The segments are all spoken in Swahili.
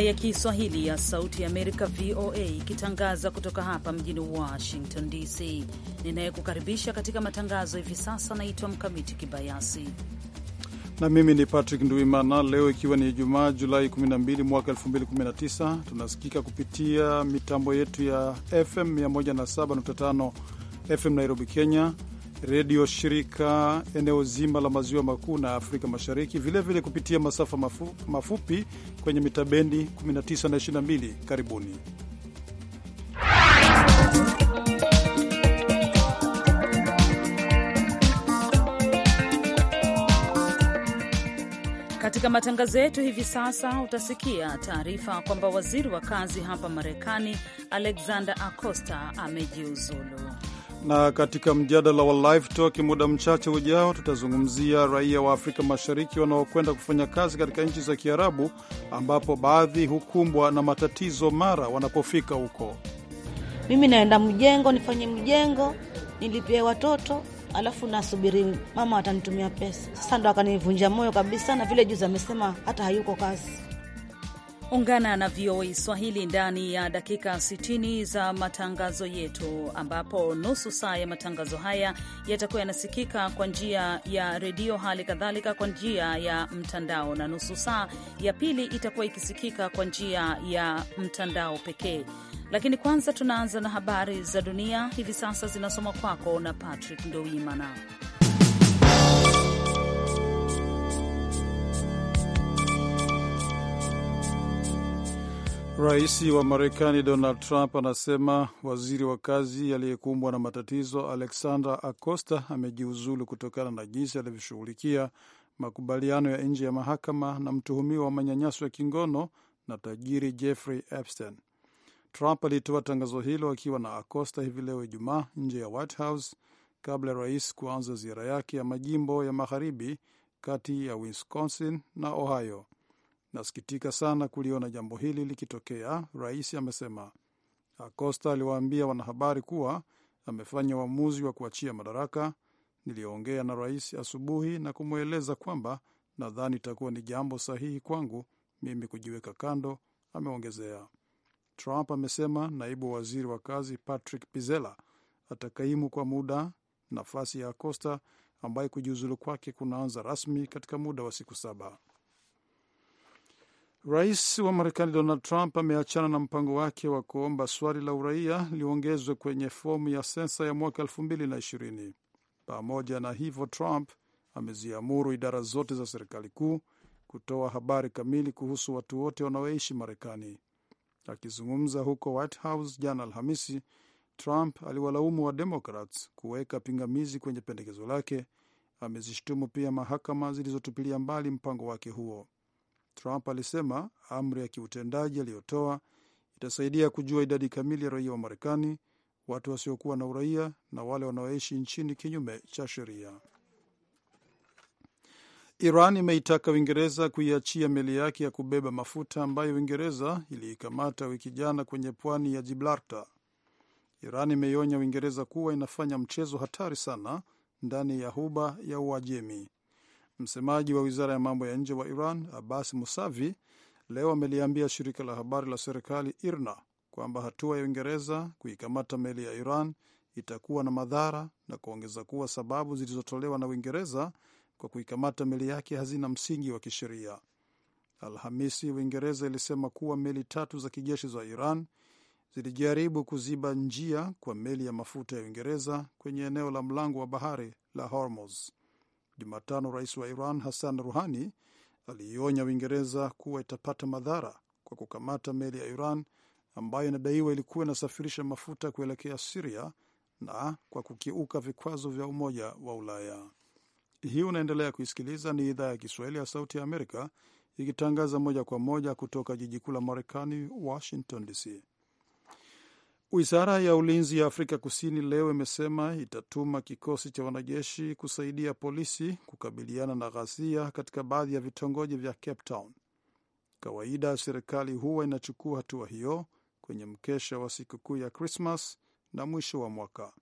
idhaa ya Kiswahili ya Sauti ya Amerika, VOA, ikitangaza kutoka hapa mjini Washington DC. Ninayekukaribisha katika matangazo hivi sasa naitwa Mkamiti Kibayasi na mimi ni Patrick Nduimana. Leo ikiwa ni Ijumaa, Julai 12 mwaka 2019, tunasikika kupitia mitambo yetu ya FM 107.5 FM Nairobi, Kenya, redio shirika eneo zima la maziwa makuu na Afrika Mashariki, vilevile vile kupitia masafa mafu, mafupi kwenye mitabendi 19 na 22. Karibuni Katika matangazo yetu hivi sasa utasikia taarifa kwamba waziri wa kazi hapa Marekani Alexander Acosta amejiuzulu. Na katika mjadala wa Live Talk muda mchache ujao, tutazungumzia raia wa Afrika Mashariki wanaokwenda kufanya kazi katika nchi za Kiarabu, ambapo baadhi hukumbwa na matatizo mara wanapofika huko. Mimi naenda mjengo, nifanye mjengo, nilipie watoto alafu nasubiri mama atanitumia pesa. Sasa ndo akanivunja moyo kabisa, na vile juzi amesema hata hayuko kazi Ungana na VOA Swahili ndani ya dakika 60 za matangazo yetu, ambapo nusu saa ya matangazo haya yatakuwa yanasikika kwa njia ya redio, hali kadhalika kwa njia ya mtandao, na nusu saa ya pili itakuwa ikisikika kwa njia ya mtandao pekee. Lakini kwanza tunaanza na habari za dunia hivi sasa, zinasoma kwako na Patrick Ndoimana. Rais wa Marekani Donald Trump anasema waziri wa kazi aliyekumbwa na matatizo Alexandra Acosta amejiuzulu kutokana na jinsi alivyoshughulikia makubaliano ya nje ya mahakama na mtuhumiwa wa manyanyaso ya kingono na tajiri Jeffrey Epstein. Trump alitoa tangazo hilo akiwa na Acosta hivi leo Ijumaa nje ya White House kabla ya rais kuanza ziara yake ya majimbo ya magharibi kati ya Wisconsin na Ohio. Nasikitika sana kuliona jambo hili likitokea, rais amesema. Acosta aliwaambia wanahabari kuwa amefanya uamuzi wa kuachia madaraka. Niliongea na rais asubuhi na kumweleza kwamba nadhani itakuwa ni jambo sahihi kwangu mimi kujiweka kando, ameongezea. Trump amesema naibu waziri wa kazi Patrick Pizzella atakaimu kwa muda nafasi ya Acosta ambaye kujiuzulu kwake kunaanza rasmi katika muda wa siku saba. Rais wa Marekani Donald Trump ameachana na mpango wake wa kuomba swali la uraia liongezwe kwenye fomu ya sensa ya mwaka e220 Pamoja na hivyo, Trump ameziamuru idara zote za serikali kuu kutoa habari kamili kuhusu watu wote wanaoishi Marekani. Akizungumza huko White House jana Alhamisi, Trump aliwalaumu wa Democrats kuweka pingamizi kwenye pendekezo lake. Amezishtumu pia mahakama zilizotupilia mbali mpango wake huo. Trump alisema amri ya kiutendaji aliyotoa itasaidia kujua idadi kamili ya raia wa Marekani, watu wasiokuwa na uraia na wale wanaoishi nchini kinyume cha sheria. Iran imeitaka Uingereza kuiachia meli yake ya kubeba mafuta ambayo Uingereza iliikamata wiki jana kwenye pwani ya jiblarta Iran imeionya Uingereza kuwa inafanya mchezo hatari sana ndani ya huba ya Uajemi. Msemaji wa wizara ya mambo ya nje wa Iran, Abbas Musavi, leo ameliambia shirika la habari la serikali IRNA kwamba hatua ya Uingereza kuikamata meli ya Iran itakuwa na madhara na kuongeza kuwa sababu zilizotolewa na Uingereza kwa kuikamata meli yake hazina msingi wa kisheria. Alhamisi, Uingereza ilisema kuwa meli tatu za kijeshi za Iran zilijaribu kuziba njia kwa meli ya mafuta ya Uingereza kwenye eneo la mlango wa bahari la Hormuz. Jumatano rais wa Iran Hassan Ruhani aliionya Uingereza kuwa itapata madhara kwa kukamata meli ya Iran ambayo inadaiwa ilikuwa inasafirisha mafuta kuelekea Siria na kwa kukiuka vikwazo vya Umoja wa Ulaya. Hii unaendelea kuisikiliza, ni idhaa ya Kiswahili ya Sauti ya Amerika ikitangaza moja kwa moja kutoka jiji kuu la Marekani, Washington DC. Wizara ya ulinzi ya Afrika Kusini leo imesema itatuma kikosi cha wanajeshi kusaidia polisi kukabiliana na ghasia katika baadhi ya vitongoji vya Cape Town. Kawaida serikali huwa inachukua hatua hiyo kwenye mkesha wa sikukuu ya Krismas na mwisho wa mwaka.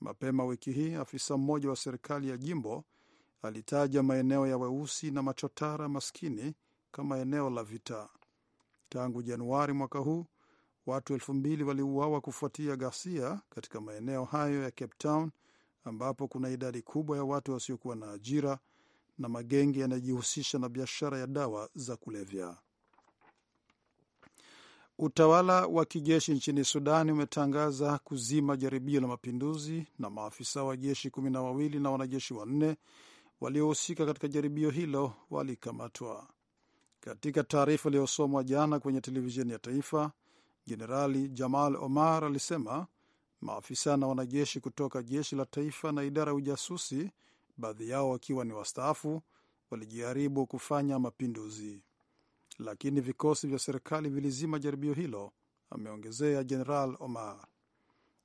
Mapema wiki hii, afisa mmoja wa serikali ya jimbo alitaja maeneo ya weusi na machotara maskini kama eneo la vita. Tangu Januari mwaka huu Watu elfu mbili waliuawa kufuatia ghasia katika maeneo hayo ya Cape Town ambapo kuna idadi kubwa ya watu wasiokuwa na ajira na magenge yanayojihusisha na biashara ya dawa za kulevya. Utawala wa kijeshi nchini Sudani umetangaza kuzima jaribio la mapinduzi na maafisa wa jeshi kumi na wawili na wanajeshi wanne waliohusika katika jaribio hilo walikamatwa. Katika taarifa iliyosomwa jana kwenye televisheni ya taifa, Jenerali Jamal Omar alisema maafisa na wanajeshi kutoka jeshi la taifa na idara ya ujasusi, baadhi yao wakiwa ni wastaafu, walijaribu kufanya mapinduzi, lakini vikosi vya serikali vilizima jaribio hilo, ameongezea Jeneral Omar.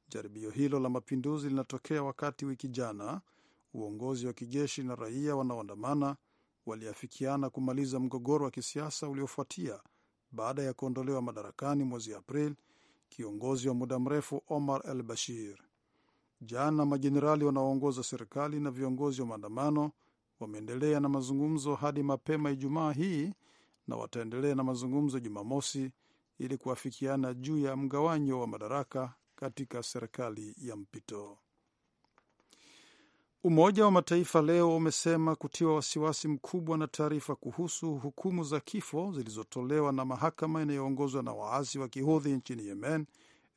Jaribio hilo la mapinduzi linatokea wakati wiki jana uongozi wa kijeshi na raia wanaoandamana waliafikiana kumaliza mgogoro wa kisiasa uliofuatia baada ya kuondolewa madarakani mwezi april kiongozi wa muda mrefu Omar al Bashir. Jana majenerali wanaoongoza serikali na viongozi wa maandamano wameendelea na mazungumzo hadi mapema Ijumaa hii na wataendelea na mazungumzo Jumamosi ili kuafikiana juu ya mgawanyo wa madaraka katika serikali ya mpito. Umoja wa Mataifa leo umesema kutiwa wasiwasi mkubwa na taarifa kuhusu hukumu za kifo zilizotolewa na mahakama inayoongozwa na waasi wa kihudhi nchini Yemen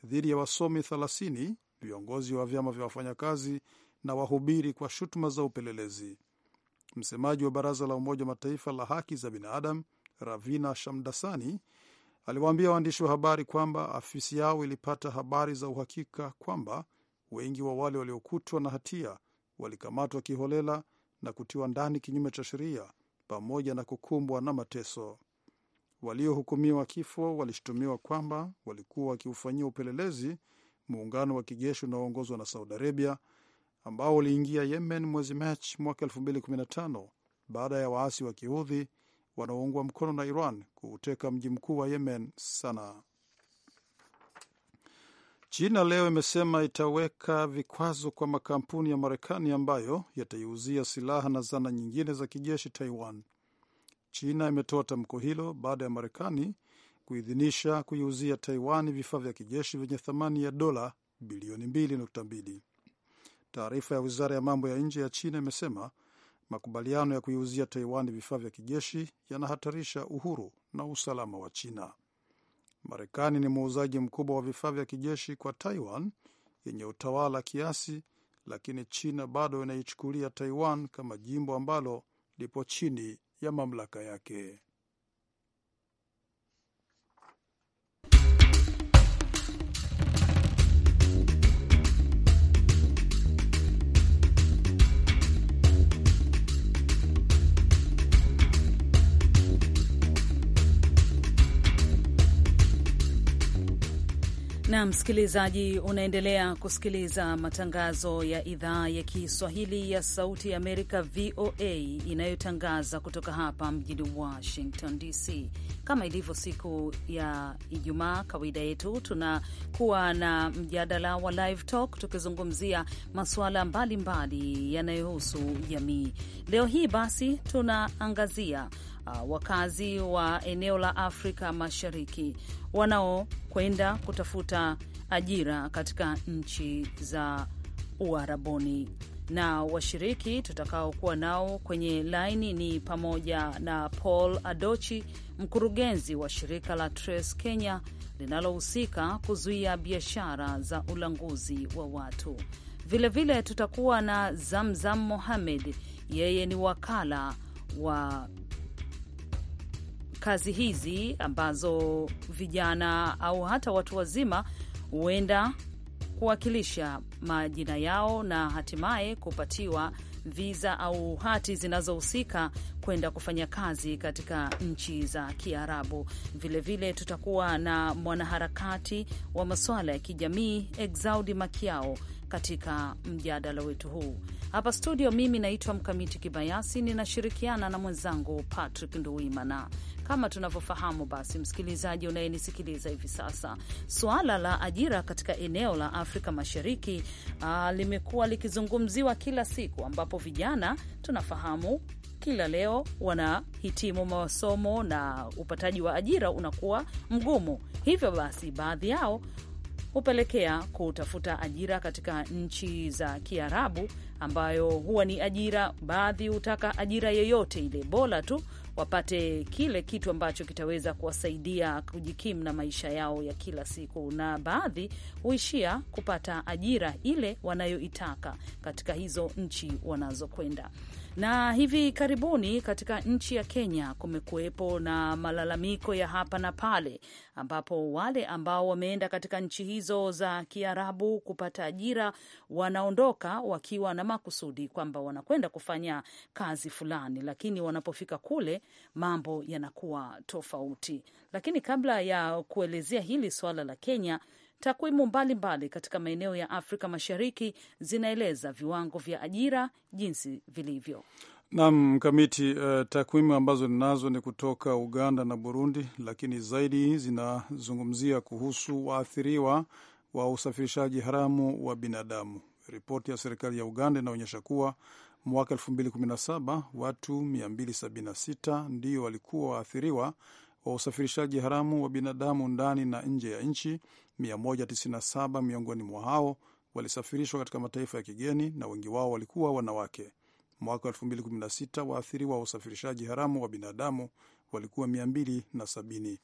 dhidi ya wasomi 30 viongozi wa vyama vya wafanyakazi na wahubiri kwa shutuma za upelelezi. Msemaji wa baraza la Umoja wa Mataifa la haki za binadamu Ravina Shamdasani aliwaambia waandishi wa habari kwamba afisi yao ilipata habari za uhakika kwamba wengi wa wale waliokutwa na hatia walikamatwa kiholela na kutiwa ndani kinyume cha sheria pamoja na kukumbwa na mateso. Waliohukumiwa kifo walishutumiwa kwamba walikuwa wakiufanyia upelelezi muungano wa kijeshi unaoongozwa na Saudi Arabia ambao uliingia Yemen mwezi Machi mwaka 2015 baada ya waasi wa kiudhi wanaoungwa mkono na Iran kuuteka mji mkuu wa Yemen, Sanaa. China leo imesema itaweka vikwazo kwa makampuni ya Marekani ambayo yataiuzia silaha na zana nyingine za kijeshi Taiwan. China imetoa tamko hilo baada ya Marekani kuidhinisha kuiuzia Taiwan vifaa vya kijeshi vyenye thamani ya dola bilioni 2.2. Taarifa ya wizara ya mambo ya nje ya China imesema makubaliano ya kuiuzia Taiwan vifaa vya kijeshi yanahatarisha uhuru na usalama wa China. Marekani ni muuzaji mkubwa wa vifaa vya kijeshi kwa Taiwan yenye utawala kiasi, lakini China bado inaichukulia Taiwan kama jimbo ambalo lipo chini ya mamlaka yake. na msikilizaji, unaendelea kusikiliza matangazo ya idhaa ya Kiswahili ya Sauti ya Amerika, VOA, inayotangaza kutoka hapa mjini Washington DC. Kama ilivyo siku ya Ijumaa, kawaida yetu tunakuwa na mjadala wa Live Talk tukizungumzia masuala mbalimbali yanayohusu jamii. Leo hii basi tunaangazia uh, wakazi wa eneo la Afrika Mashariki wanaokwenda kutafuta ajira katika nchi za Uarabuni na washiriki tutakaokuwa nao kwenye laini ni pamoja na Paul Adochi, mkurugenzi wa shirika la Trace Kenya linalohusika kuzuia biashara za ulanguzi wa watu. Vilevile vile tutakuwa na Zamzam Mohamed, yeye ni wakala wa kazi hizi ambazo vijana au hata watu wazima huenda kuwakilisha majina yao na hatimaye kupatiwa viza au hati zinazohusika kwenda kufanya kazi katika nchi za Kiarabu. Vilevile tutakuwa na mwanaharakati wa masuala ya kijamii Exaudi Makiao katika mjadala wetu huu hapa studio. Mimi naitwa Mkamiti Kibayasi, ninashirikiana na mwenzangu Patrick nduimana kama tunavyofahamu, basi msikilizaji unayenisikiliza hivi sasa, suala la ajira katika eneo la Afrika Mashariki uh, limekuwa likizungumziwa kila siku, ambapo vijana tunafahamu kila leo wanahitimu masomo na upataji wa ajira unakuwa mgumu. Hivyo basi, baadhi yao hupelekea kutafuta ajira katika nchi za Kiarabu, ambayo huwa ni ajira, baadhi hutaka ajira yoyote ile, bora tu wapate kile kitu ambacho kitaweza kuwasaidia kujikimu na maisha yao ya kila siku, na baadhi huishia kupata ajira ile wanayoitaka katika hizo nchi wanazokwenda. Na hivi karibuni katika nchi ya Kenya kumekuwepo na malalamiko ya hapa na pale, ambapo wale ambao wameenda katika nchi hizo za Kiarabu kupata ajira wanaondoka wakiwa na makusudi kwamba wanakwenda kufanya kazi fulani, lakini wanapofika kule mambo yanakuwa tofauti. Lakini kabla ya kuelezea hili swala la Kenya Takwimu mbalimbali katika maeneo ya Afrika Mashariki zinaeleza viwango vya ajira jinsi vilivyo. Naam, mkamiti uh, takwimu ambazo ninazo ni kutoka Uganda na Burundi, lakini zaidi zinazungumzia kuhusu waathiriwa wa usafirishaji haramu wa binadamu. Ripoti ya serikali ya Uganda inaonyesha kuwa mwaka 2017 watu 276 ndio walikuwa waathiriwa wa usafirishaji haramu wa binadamu ndani na nje ya nchi 197 miongoni mwa hao walisafirishwa katika mataifa ya kigeni na wengi wao walikuwa wanawake. Mwaka 2016 waathiriwa wa usafirishaji haramu wa binadamu walikuwa 270.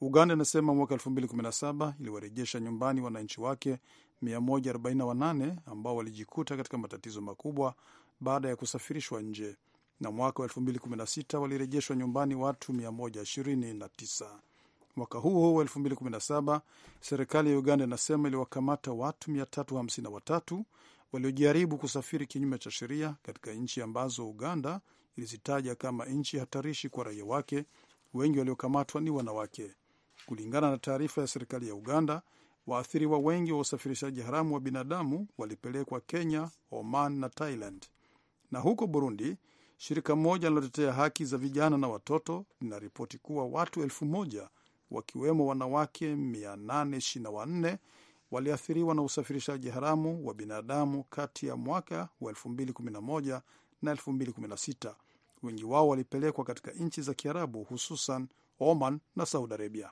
Uganda inasema mwaka 2017 iliwarejesha nyumbani wananchi wake 148 ambao walijikuta katika matatizo makubwa baada ya kusafirishwa nje na mwaka wa 2016 walirejeshwa nyumbani watu 129. Mwaka huo huo wa 2017 serikali ya Uganda inasema iliwakamata watu 353 waliojaribu kusafiri kinyume cha sheria katika nchi ambazo Uganda ilizitaja kama nchi hatarishi kwa raia wake. Wengi waliokamatwa ni wanawake. Kulingana na taarifa ya serikali ya Uganda, waathiriwa wengi wa usafirishaji haramu wa binadamu walipelekwa Kenya, Oman na Thailand. Na huko Burundi, Shirika moja linalotetea haki za vijana na watoto linaripoti kuwa watu elfu moja wakiwemo wanawake 824 waliathiriwa na usafirishaji haramu wa binadamu kati ya mwaka wa 2011 na 2016. Wengi wao walipelekwa katika nchi za Kiarabu, hususan Oman na Saudi Arabia.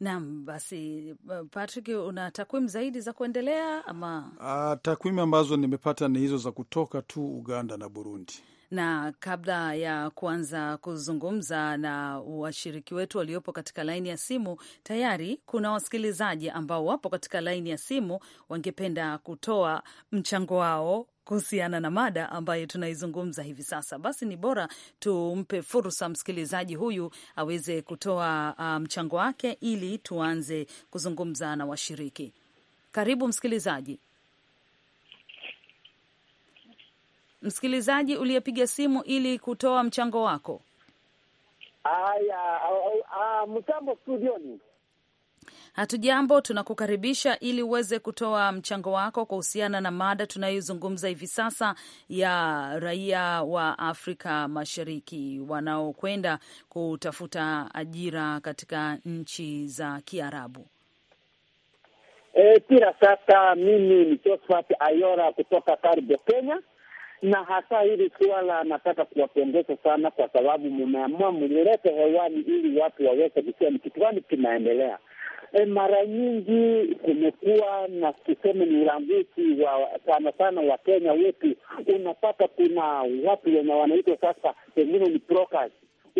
Naam, basi Patrick, una takwimu zaidi za kuendelea ama? Ah, takwimu ambazo nimepata ni hizo za kutoka tu Uganda na Burundi na kabla ya kuanza kuzungumza na washiriki wetu waliopo katika laini ya simu, tayari kuna wasikilizaji ambao wapo katika laini ya simu, wangependa kutoa mchango wao kuhusiana na mada ambayo tunaizungumza hivi sasa, basi ni bora tumpe fursa msikilizaji huyu aweze kutoa uh, mchango um, wake ili tuanze kuzungumza na washiriki. Karibu msikilizaji. Msikilizaji uliyepiga simu ili kutoa mchango wako. Haya, ah, mtambo studioni. Hatujambo, tunakukaribisha ili uweze kutoa mchango wako kuhusiana na mada tunayozungumza hivi sasa ya raia wa Afrika Mashariki wanaokwenda kutafuta ajira katika nchi za Kiarabu. E, sasa, mimi ni Josephat Ayora kutoka Karibu, Kenya, na hasa hili suala nataka kuwapongeza sana, kwa sababu mmeamua mlilete hewani ili watu waweze kusema ni kitu gani kinaendelea. E, mara nyingi kumekuwa na tuseme ni uranguzi wa sana sana wa Kenya wetu. Unapata kuna watu wenye wanaitwa sasa pengine ni brokers.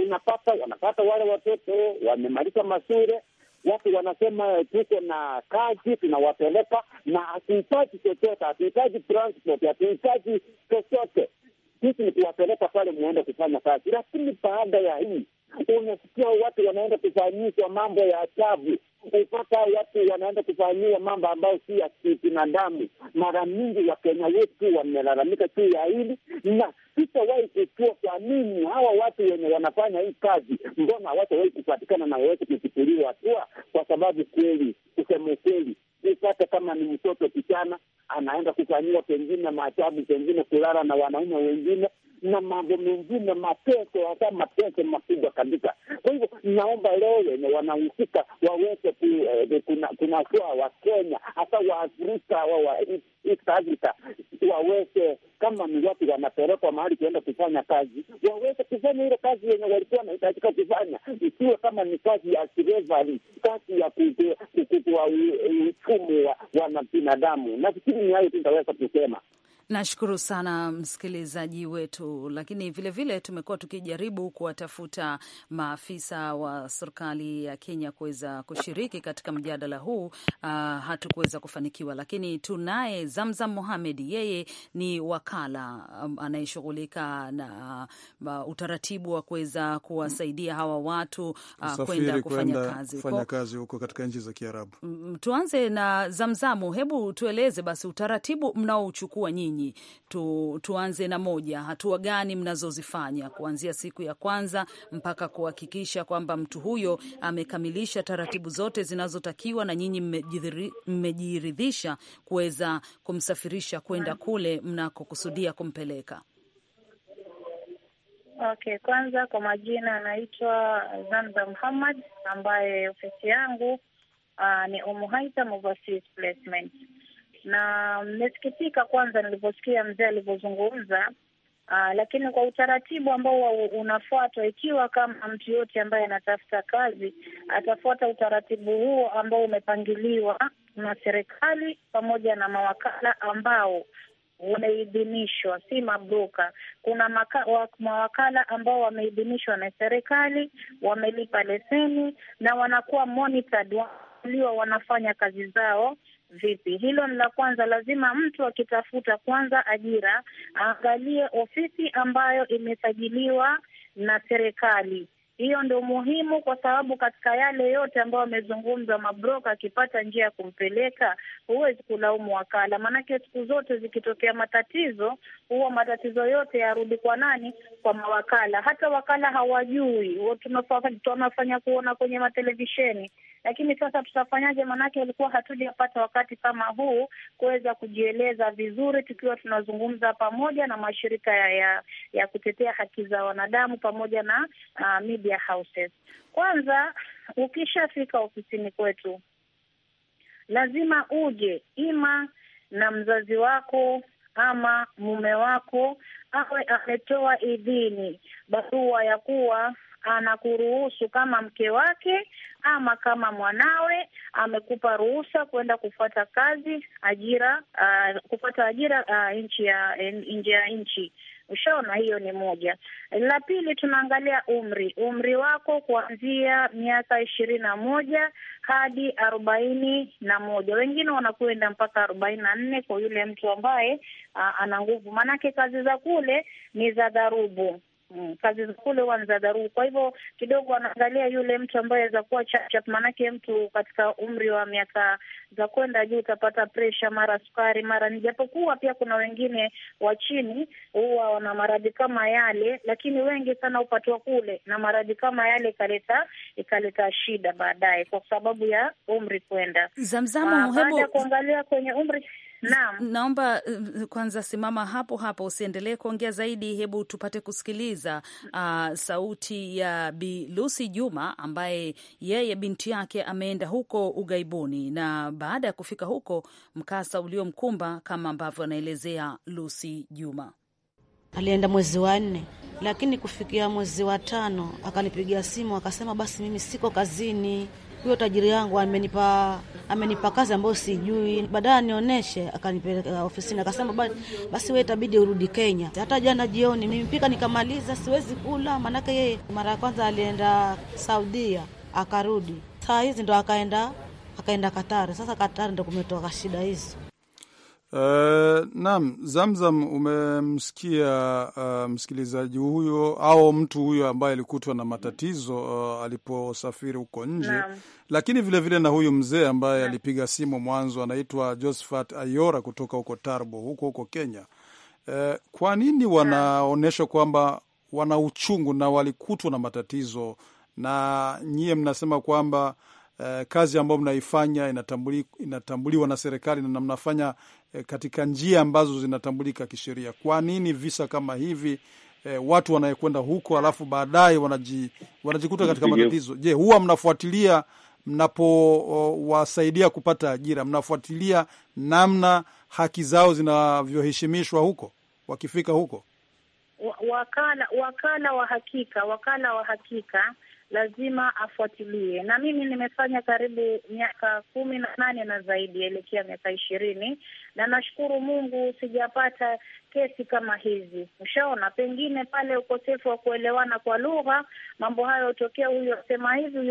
Unapata wanapata wale watoto wamemaliza mashure, watu wanasema eh, tuko na kazi, tunawapeleka na hatuhitaji chochote, hatuhitaji transport, hatuhitaji chochote, sisi ni kuwapeleka pale mwenda kufanya kazi, lakini baada ya hii unasikia watu wanaenda kufanyishwa mambo ya ajabu, upata watu wanaenda kufanyiwa mambo ambayo si ya kibinadamu. Mara nyingi Wakenya wetu wamelalamika juu ya hili, na sitawahi kujua kwa nini hawa watu wenye wanafanya hii kazi, mbona hawatawahi kupatikana na waweze kuchukuliwa hatua, kwa sababu kweli, kusema ukweli, upate kama ni mtoto kijana anaenda kufanyiwa pengine maajabu, pengine kulala na wanaume wengine na mambo mengine mateso, hasa mateso makubwa kabisa. Kwa hivyo naomba leo wenye wanahusika waweze eh, wa Wakenya, hasa Waafrika wa East Africa waweze, kama ni watu wanapelekwa mahali kuenda kufanya kazi, waweze kufanya ile kazi yenye walikuwa wanahitajika kufanya, isiwe kama ni kazi ya slavery, kazi ya kutoa uchumi wa binadamu. Nafikiri ni hayo tutaweza kusema. Nashukuru sana msikilizaji wetu, lakini vilevile tumekuwa tukijaribu kuwatafuta maafisa wa serikali ya Kenya kuweza kushiriki katika mjadala huu uh, hatukuweza kufanikiwa, lakini tunaye Zamzam Mohamed, yeye ni wakala um, anayeshughulika na uh, utaratibu wa kuweza kuwasaidia hawa watu uh, kwenda kufanya kazi, kufanya kazi huko katika nchi za Kiarabu. Tuanze na Zamzamu, hebu tueleze basi utaratibu mnaouchukua nyinyi nyinyi tu, tuanze na moja, hatua gani mnazozifanya kuanzia siku ya kwanza mpaka kuhakikisha kwamba mtu huyo amekamilisha taratibu zote zinazotakiwa na nyinyi mmejiridhisha kuweza kumsafirisha kwenda kule mnakokusudia kumpeleka? Okay, kwanza kwa majina anaitwa Zanza Muhammad ambaye ofisi yangu uh, ni Umuhaita Overseas Placement na nimesikitika kwanza niliposikia mzee alivyozungumza. Uh, lakini kwa utaratibu ambao unafuatwa, ikiwa kama mtu yote ambaye anatafuta kazi atafuata utaratibu huo ambao umepangiliwa na serikali pamoja na mawakala ambao wameidhinishwa, si mabroka. Kuna maka, wa, mawakala ambao wameidhinishwa na serikali, wamelipa leseni na wanakuwa monitored, wanafanya kazi zao vipi? Hilo ni la kwanza. Lazima mtu akitafuta kwanza ajira aangalie ofisi ambayo imesajiliwa na serikali. Hiyo ndio muhimu, kwa sababu katika yale yote ambayo amezungumza mabroka, akipata njia ya kumpeleka, huwezi kulaumu wakala, maanake siku zote zikitokea matatizo, huwa matatizo yote yarudi kwa nani? Kwa mawakala. Hata wakala hawajui, tunafanya kuona kwenye matelevisheni lakini sasa tutafanyaje? Maanake ilikuwa hatujapata wakati kama huu kuweza kujieleza vizuri, tukiwa tunazungumza pamoja na mashirika ya, ya, ya kutetea haki za wanadamu pamoja na uh, media houses. Kwanza ukishafika ofisini kwetu lazima uje ima na mzazi wako ama mume wako awe ametoa idhini, barua ya kuwa anakuruhusu kama mke wake ama kama mwanawe amekupa ruhusa kwenda kufuata kazi ajira, uh, kufuata ajira uh, nchi ya nje ya nchi. Ushaona, hiyo ni moja. La pili tunaangalia umri, umri wako kuanzia miaka ishirini na moja hadi arobaini na moja wengine wanakwenda mpaka arobaini na nne kwa yule mtu ambaye ah, ana nguvu, maanake kazi za kule ni za dharubu mm, kazi za kule huwa ni za dharuru. Kwa hivyo kidogo wanaangalia yule mtu ambaye aweza kuwa chapchap, maanake mtu katika umri wa miaka za kwenda juu utapata presha mara sukari mara ni, japokuwa pia kuna wengine wa chini huwa wana maradhi kama yale, lakini wengi sana hupatwa kule na maradhi kama yale ikaleta ikaleta shida baadaye kwa sababu ya umri kwenda. Zamzamu, ah, ya kuangalia kwenye umri Naomba eh, kwanza simama hapo hapo, usiendelee kuongea zaidi. Hebu tupate kusikiliza uh, sauti ya Bi Lucy Juma ambaye yeye binti yake ameenda huko ughaibuni, na baada ya kufika huko mkasa uliomkumba kama ambavyo anaelezea Lucy Juma. Alienda mwezi wa nne, lakini kufikia mwezi wa tano akanipigia simu akasema, basi mimi siko kazini huyo tajiri yangu amenipa amenipa kazi ambayo sijui, baadaye anionyeshe, akanipeleka ofisini, akasema basi, basi wewe itabidi urudi Kenya. Hata jana jioni nimepika nikamaliza, siwezi kula, maanake yeye mara ya kwanza alienda Saudia akarudi, saa hizi ndo akaenda akaenda Katari. Sasa Katari ndo kumetoka shida hizo. Uh, naam, Zamzam, umemsikia uh, msikilizaji huyo au mtu huyo ambaye alikutwa na matatizo uh, aliposafiri huko nje Lakini vilevile vile na huyu mzee ambaye alipiga simu mwanzo, anaitwa Josephat Ayora kutoka huko Tarbo huko huko Kenya. Uh, kwa nini wanaonyesha kwamba wana uchungu na walikutwa na matatizo, na nyie mnasema kwamba Uh, kazi ambayo mnaifanya inatambuliwa na serikali na mnafanya Eh, katika njia ambazo zinatambulika kisheria. Kwa nini visa kama hivi E, watu wanayekwenda huko alafu baadaye wanaji, wanajikuta katika matatizo? Je, huwa mnafuatilia mnapowasaidia kupata ajira, mnafuatilia namna haki zao zinavyoheshimishwa huko wakifika huko? Wakala wakala wa hakika wakala wa hakika lazima afuatilie. Na mimi nimefanya karibu miaka kumi na nane na zaidi, elekea miaka ishirini, na nashukuru Mungu sijapata kesi kama hizi. Ushaona, pengine pale ukosefu wa kuelewana kwa lugha, mambo hayo hutokea. Huyu asema hivi,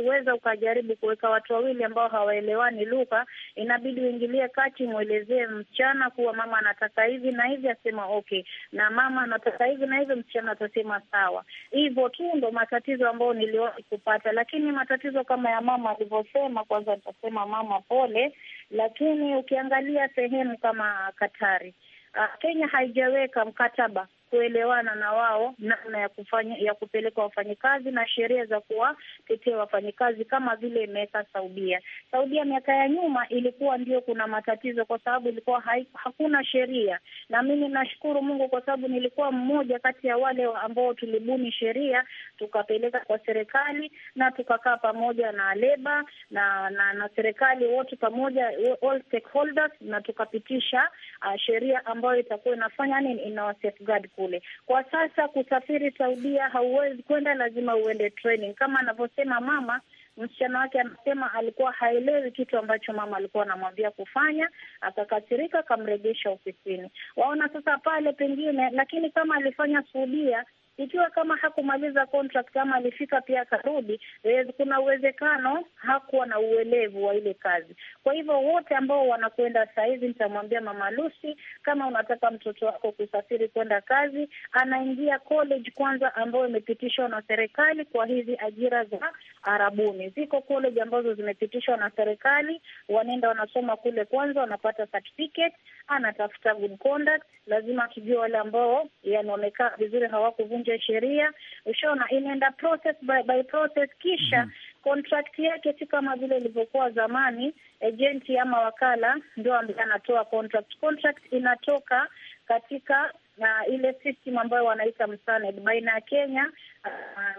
huweza ukajaribu kuweka watu wawili ambao hawaelewani lugha, inabidi uingilie kati, mwelezee msichana kuwa mama anataka hivi na hivi, asema okay, na mama anataka hivi na hivi, msichana atasema sawa. Hivyo tu ndo matatizo ambayo niliwahi kupata, lakini matatizo kama ya mama alivyosema, kwanza nitasema mama pole, lakini ukiangalia sehemu kama Katari Ah, Kenya haijaweka mkataba kuelewana na wao namna ya kufanya ya kupeleka wafanyikazi na sheria za kuwatetea wafanyikazi kama vile imeweka Saudia. Saudia miaka ya nyuma ilikuwa ndio kuna matatizo, kwa sababu ilikuwa hai, hakuna sheria, na mimi nashukuru Mungu kwa sababu nilikuwa mmoja kati ya wale ambao tulibuni sheria tukapeleka kwa serikali na tukakaa pamoja na leba na na, na serikali wote pamoja all stakeholders, na tukapitisha uh, sheria ambayo itakuwa inafanya nini, inawa safeguard kule. Kwa sasa kusafiri Saudia hauwezi kwenda, lazima uende training. Kama anavyosema mama, msichana wake anasema alikuwa haelewi kitu ambacho mama alikuwa anamwambia kufanya, akakasirika, akamregesha ofisini. Waona sasa pale pengine, lakini kama alifanya Saudia ikiwa kama hakumaliza contract kama alifika pia akarudi, eh, kuna uwezekano hakuwa na uelevu wa ile kazi. Kwa hivyo wote ambao wanakwenda saa hizi, nitamwambia Mama Lucy, kama unataka mtoto wako kusafiri kwenda kazi, anaingia college kwanza ambayo imepitishwa na serikali kwa hizi ajira za Arabuni. Ziko college ambazo zimepitishwa na serikali, wanaenda wanasoma kule kwanza, wanapata certificate, anatafuta good conduct. Lazima akijua wale ambao yani wamekaa vizuri, hawakuvunja sheria. Ushaona, inaenda process by, by process, kisha mm -hmm. contract yake si kama vile ilivyokuwa zamani, agenti ama wakala ndio ambaye anatoa contract. Contract inatoka katika na uh, ile system ambayo wanaita msaned baina ya Kenya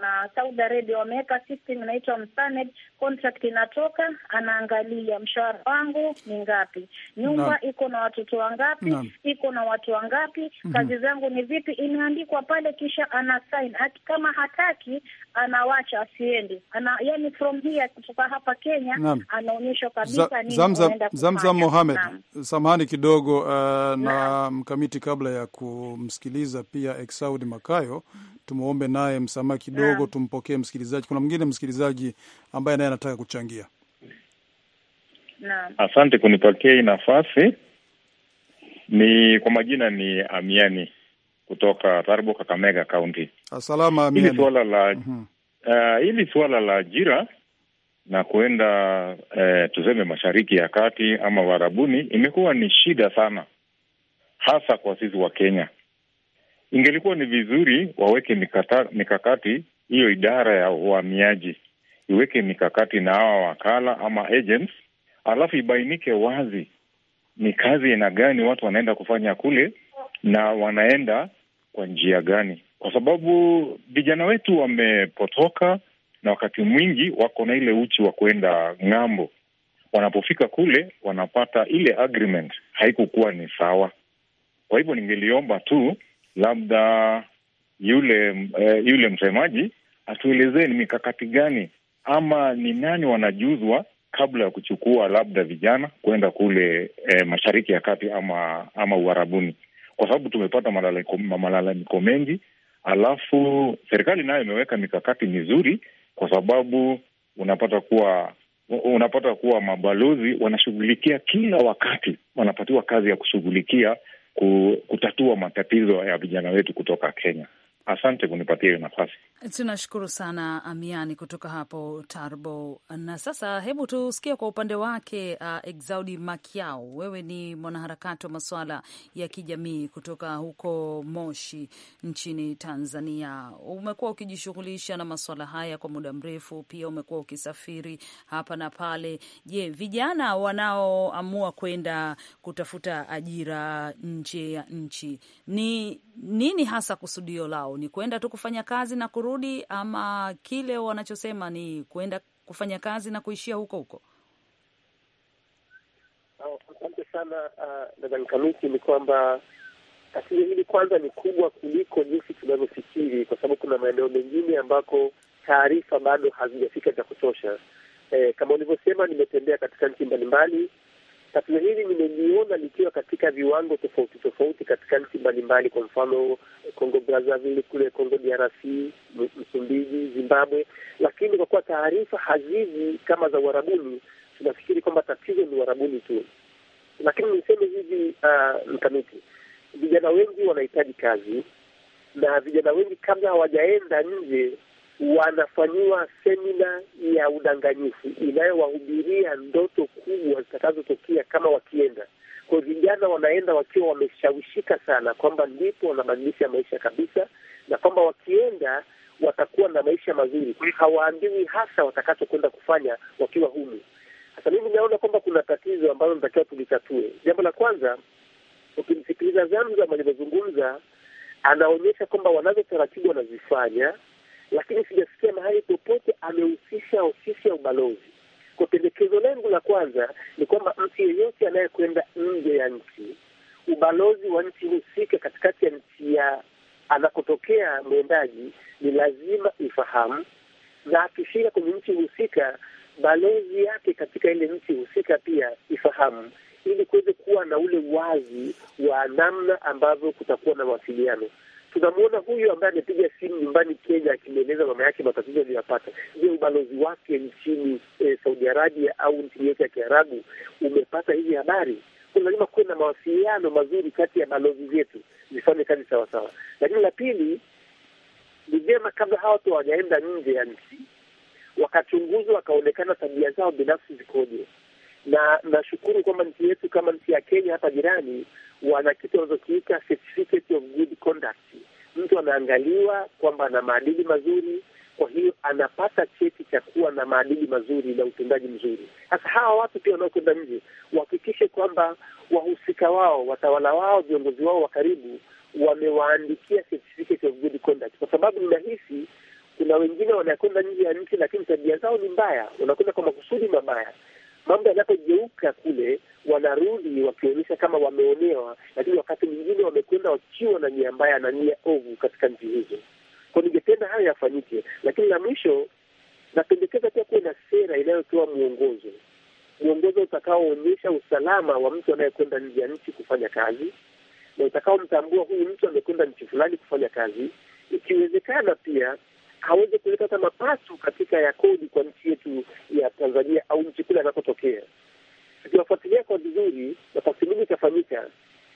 na Saudi Arabia wameweka system inaitwa Msaned. Contract inatoka, anaangalia mshahara wangu ni ngapi, nyumba iko na watoto wangapi, iko na watu wangapi, mm -hmm. kazi zangu ni vipi, imeandikwa pale, kisha ana sign. Kama hataki anawacha asiendi, ana yani from here, kutoka hapa Kenya anaonyeshwa kabisa nini Zamzam Mohamed. Samahani kidogo uh, na, na mkamiti, kabla ya kumsikiliza pia Saudi Makayo, tumwombe naye Msamaha kidogo yeah. Tumpokee msikilizaji, kuna mwingine msikilizaji ambaye naye anataka kuchangia na. Asante kunipatia hii nafasi. Ni kwa majina ni Amiani kutoka Tarbo, Kakamega Kaunti. Asalama Amiani. Hili suala la mm -hmm. uh, hili suala la ajira na kuenda eh, tuseme mashariki ya kati ama warabuni imekuwa ni shida sana, hasa kwa sisi wa Kenya Ingelikuwa ni vizuri waweke mikata, mikakati hiyo, idara ya uhamiaji iweke mikakati na hawa wakala ama agents, alafu ibainike wazi ni kazi ina gani watu wanaenda kufanya kule na wanaenda kwa njia gani, kwa sababu vijana wetu wamepotoka na wakati mwingi wako na ile uchi wa kuenda ng'ambo. Wanapofika kule wanapata ile agreement haikukuwa ni sawa. Kwa hivyo ningeliomba tu labda yule uh, yule msemaji atuelezee ni mikakati gani ama ni nani wanajuzwa kabla ya kuchukua labda vijana kwenda kule eh, Mashariki ya Kati ama ama Uharabuni, kwa sababu tumepata malalamiko mengi. Alafu serikali nayo imeweka mikakati mizuri, kwa sababu unapata kuwa unapata kuwa mabalozi wanashughulikia kila wakati, wanapatiwa kazi ya kushughulikia kutatua matatizo ya vijana wetu kutoka Kenya. Asante kunipatia hiyo nafasi. Tunashukuru sana Amiani kutoka hapo Tarbo. Na sasa hebu tusikie kwa upande wake uh, Exaudi Makiao, wewe ni mwanaharakati wa masuala ya kijamii kutoka huko Moshi nchini Tanzania. Umekuwa ukijishughulisha na masuala haya kwa muda mrefu, pia umekuwa ukisafiri hapa na pale. Je, vijana wanaoamua kwenda kutafuta ajira nje ya nchi, ni nini hasa kusudio lao? Ni kwenda tu kufanya kazi na kuru kurudi ama kile wanachosema ni kuenda kufanya kazi na kuishia huko huko? Ah, asante sana dada ah, Mkamiti. Ni kwamba tatizo hili kwanza ni kubwa kuliko jinsi tunavyofikiri, kwa sababu kuna maeneo mengine ambako taarifa bado hazijafika za kutosha. Eh, kama ulivyosema, nimetembea katika nchi mbalimbali Tatizo hili nimeliona likiwa katika viwango tofauti tofauti katika nchi mbalimbali, kwa mfano Congo Brazzaville, kule Congo DRC, Msumbiji, Zimbabwe. Lakini kwa kuwa taarifa hazizi kama za Uarabuni, tunafikiri kwamba tatizo ni uharabuni tu. Lakini niseme hivi, uh, mkamiti, vijana wengi wanahitaji kazi na vijana wengi kabla hawajaenda nje wanafanyiwa semina ya udanganyifu inayowahubiria ndoto kubwa zitakazotokea kama wakienda kwao. vijana. Wanaenda wakiwa wameshawishika sana kwamba ndipo wanabadilisha maisha kabisa, na kwamba wakienda watakuwa na maisha mazuri. Kwa hiyo hawaambiwi hasa watakachokwenda kufanya wakiwa humu. Sasa mimi naona kwamba kuna tatizo ambalo natakiwa tulitatue. Jambo la kwanza, ukimsikiliza Zamzam alivyozungumza, anaonyesha kwamba wanazo taratibu wanazifanya lakini sijasikia mahali popote amehusisha ofisi ya ubalozi. Kwa pendekezo lengu la kwanza ni kwamba mtu yeyote anayekwenda nje ya nchi, ubalozi wa nchi husika katikati ya nchi ya anakotokea mwendaji ni lazima ifahamu, na akifika kwenye nchi husika, balozi yake katika ile nchi husika pia ifahamu, ili kuweze kuwa na ule wazi wa namna ambavyo kutakuwa na mawasiliano tunamwona huyu ambaye amepiga simu nyumbani Kenya akimweleza mama yake matatizo aliyoyapata. Je, ubalozi wake nchini e, Saudi Arabia au nchini yote ya Kiarabu umepata hizi habari? Lazima kuwe na mawasiliano mazuri kati ya balozi zetu zifanye kazi sawasawa. Lakini la pili ni vyema kabla hawa watu hawajaenda nje ya nchi wakachunguzwa, wakaonekana tabia zao binafsi zikoje. Na nashukuru kwamba nchi yetu kama nchi ya Kenya hapa jirani wana kitu wanachokiita certificate of good conduct. Mtu anaangaliwa kwamba ana maadili mazuri, kwa hiyo anapata cheti cha kuwa na maadili mazuri na utendaji mzuri. Sasa hawa watu pia wanaokwenda nje wahakikishe kwamba wahusika wao, watawala wao, viongozi wao wa karibu wamewaandikia certificate of good conduct, kwa sababu ninahisi kuna wengine wanakwenda nje ya nchi, lakini tabia zao ni mbaya, wanakwenda kwa makusudi mabaya mambo yanapogeuka kule wanarudi wakionyesha kama wameonewa, lakini wakati mwingine wamekwenda wakiwa na nia mbaya na nia ovu katika nchi hizo. Kwa ningependa hayo yafanyike, lakini la mwisho napendekeza pia kuwe na sera inayotoa mwongozo, mwongozo utakaoonyesha usalama wa mtu anayekwenda nje ya nchi kufanya kazi na utakaomtambua huyu mtu amekwenda nchi fulani kufanya kazi, ikiwezekana pia aweze kuleta hata mapato katika ya kodi kwa nchi yetu ya Tanzania au nchi kule anakotokea. Tukiwafuatilia kwa vizuri na tathmini itafanyika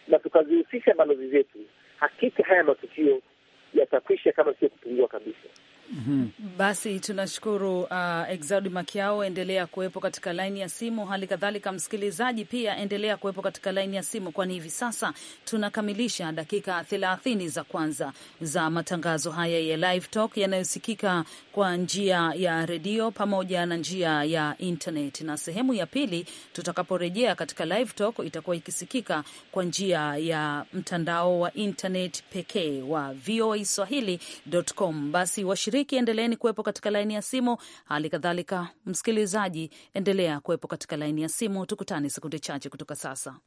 na tukazihusisha balozi zetu, hakika haya matukio yatakwisha kama sio kupungua kabisa. -hmm. Basi tunashukuru uh, Exaudi Makiao, endelea kuwepo katika laini ya simu. Hali kadhalika msikilizaji pia endelea kuwepo katika laini ya simu, kwani hivi sasa tunakamilisha dakika thelathini za kwanza za matangazo haya ya Live Talk yanayosikika kwa njia ya redio pamoja na njia ya internet, na sehemu ya pili tutakaporejea katika Live Talk itakuwa ikisikika kwa njia ya mtandao wa internet pekee wa voaswahili.com. Basi washiriki Mashariki, endeleeni kuwepo katika laini ya simu. Hali kadhalika, msikilizaji, endelea kuwepo katika laini ya simu. Tukutane sekunde chache kutoka sasa.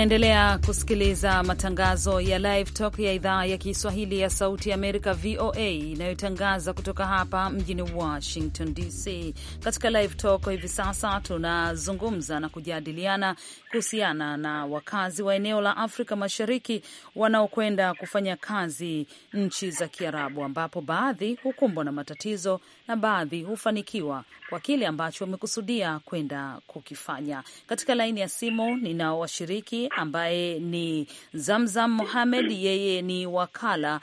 Unaendelea kusikiliza matangazo ya Live Talk ya idhaa ya Kiswahili ya Sauti ya Amerika, VOA, inayotangaza kutoka hapa mjini Washington DC. Katika Live Talk hivi sasa tunazungumza na kujadiliana kuhusiana na wakazi wa eneo la Afrika Mashariki wanaokwenda kufanya kazi nchi za Kiarabu, ambapo baadhi hukumbwa na matatizo na baadhi hufanikiwa kwa kile ambacho wamekusudia kwenda kukifanya. Katika laini ya simu washiriki ambaye ni Zamzam Mohamed. Yeye ni wakala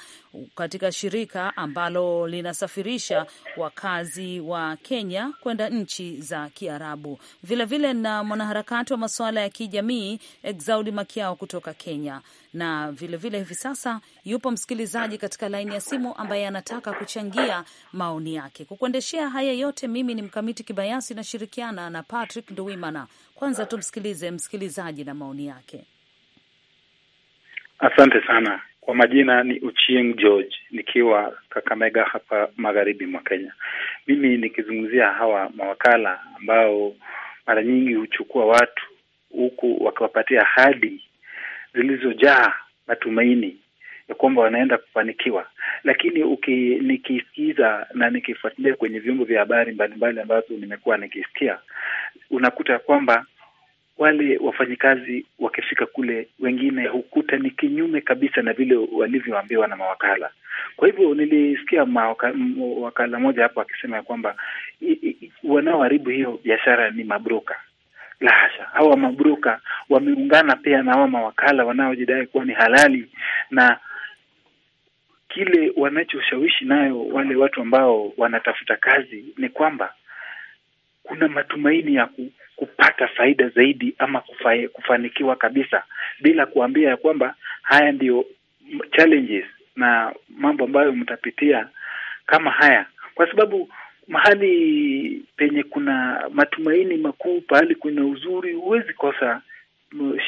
katika shirika ambalo linasafirisha wakazi wa Kenya kwenda nchi za Kiarabu, vilevile na mwanaharakati wa masuala ya kijamii Exaudi Makiao kutoka Kenya, na vilevile hivi sasa yupo msikilizaji katika laini ya simu ambaye anataka kuchangia maoni yake. Kukuendeshea haya yote, mimi ni Mkamiti Kibayasi, nashirikiana na Patrick Nduwimana. Kwanza tumsikilize msikilizaji na maoni yake. Asante sana kwa majina ni Uchieng George nikiwa Kakamega hapa magharibi mwa Kenya. Mimi nikizungumzia hawa mawakala ambao mara nyingi huchukua watu huku wakiwapatia ahadi zilizojaa matumaini ya kwamba wanaenda kufanikiwa, lakini uki, nikisikiza na nikifuatilia kwenye vyombo vya habari mbalimbali ambavyo nimekuwa nikisikia, unakuta ya kwamba wale wafanyikazi wakifika kule, wengine hukuta ni kinyume kabisa na vile walivyoambiwa na mawakala. Kwa hivyo nilisikia wakala moja hapo akisema ya kwamba wanaoharibu hiyo biashara ni mabroka. La hasha, hawa mabroka wameungana pia na hawa mawakala wanaojidai kuwa ni halali na kile wanachoshawishi nayo wale watu ambao wanatafuta kazi ni kwamba kuna matumaini ya ku, kupata faida zaidi ama kufaye, kufanikiwa kabisa bila kuambia ya kwamba haya ndiyo challenges na mambo ambayo mtapitia kama haya, kwa sababu mahali penye kuna matumaini makuu, pahali kuna uzuri, huwezi kosa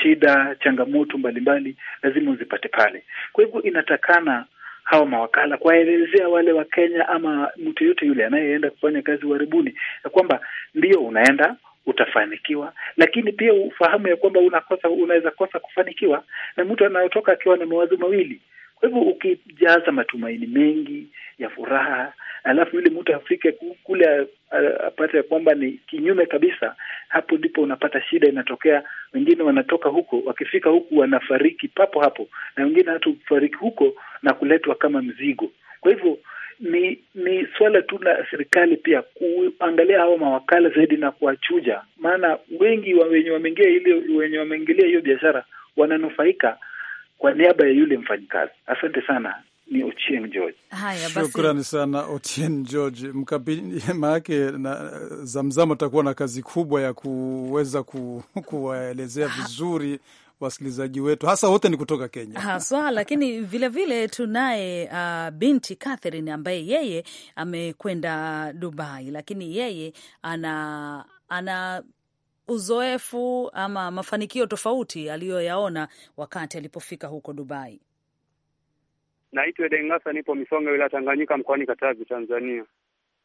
shida, changamoto mbalimbali lazima uzipate pale. Kwa hivyo inatakana hawa mawakala kuwaelezea wale wa kenya ama mtu yote yule anayeenda kufanya kazi uharibuni ya kwamba ndio unaenda utafanikiwa, lakini pia ufahamu ya kwamba unakosa, unaweza kosa kufanikiwa. Na mtu anayotoka akiwa na mawazo mawili kwa hivyo ukijaza matumaini mengi ya furaha, alafu yule mtu afike kule apate kwamba ni kinyume kabisa, hapo ndipo unapata shida inatokea. Wengine wanatoka huko, wakifika huku wanafariki papo hapo, na wengine hata fariki huko na kuletwa kama mzigo. Kwa hivyo ni ni swala tu la serikali pia kuangalia hawa mawakala zaidi na kuwachuja, maana wengi wenye wameingia ile wenye wameingilia hiyo biashara wananufaika kwa niaba ya yule mfanyikazi. Asante sana. Ni Ochieng George. shukrani sana Ochieng George mkabili maake na Zamzam atakuwa na kazi kubwa ya kuweza ku, kuwaelezea vizuri wasikilizaji wetu hasa wote ni kutoka Kenya haswa. Lakini vilevile tunaye uh, binti Catherine ambaye yeye amekwenda Dubai, lakini yeye ana ana uzoefu ama mafanikio tofauti aliyoyaona wakati alipofika huko Dubai. Naitwa Dengasa, nipo Misonge, wilaya Tanganyika, mkoani Katavi, Tanzania.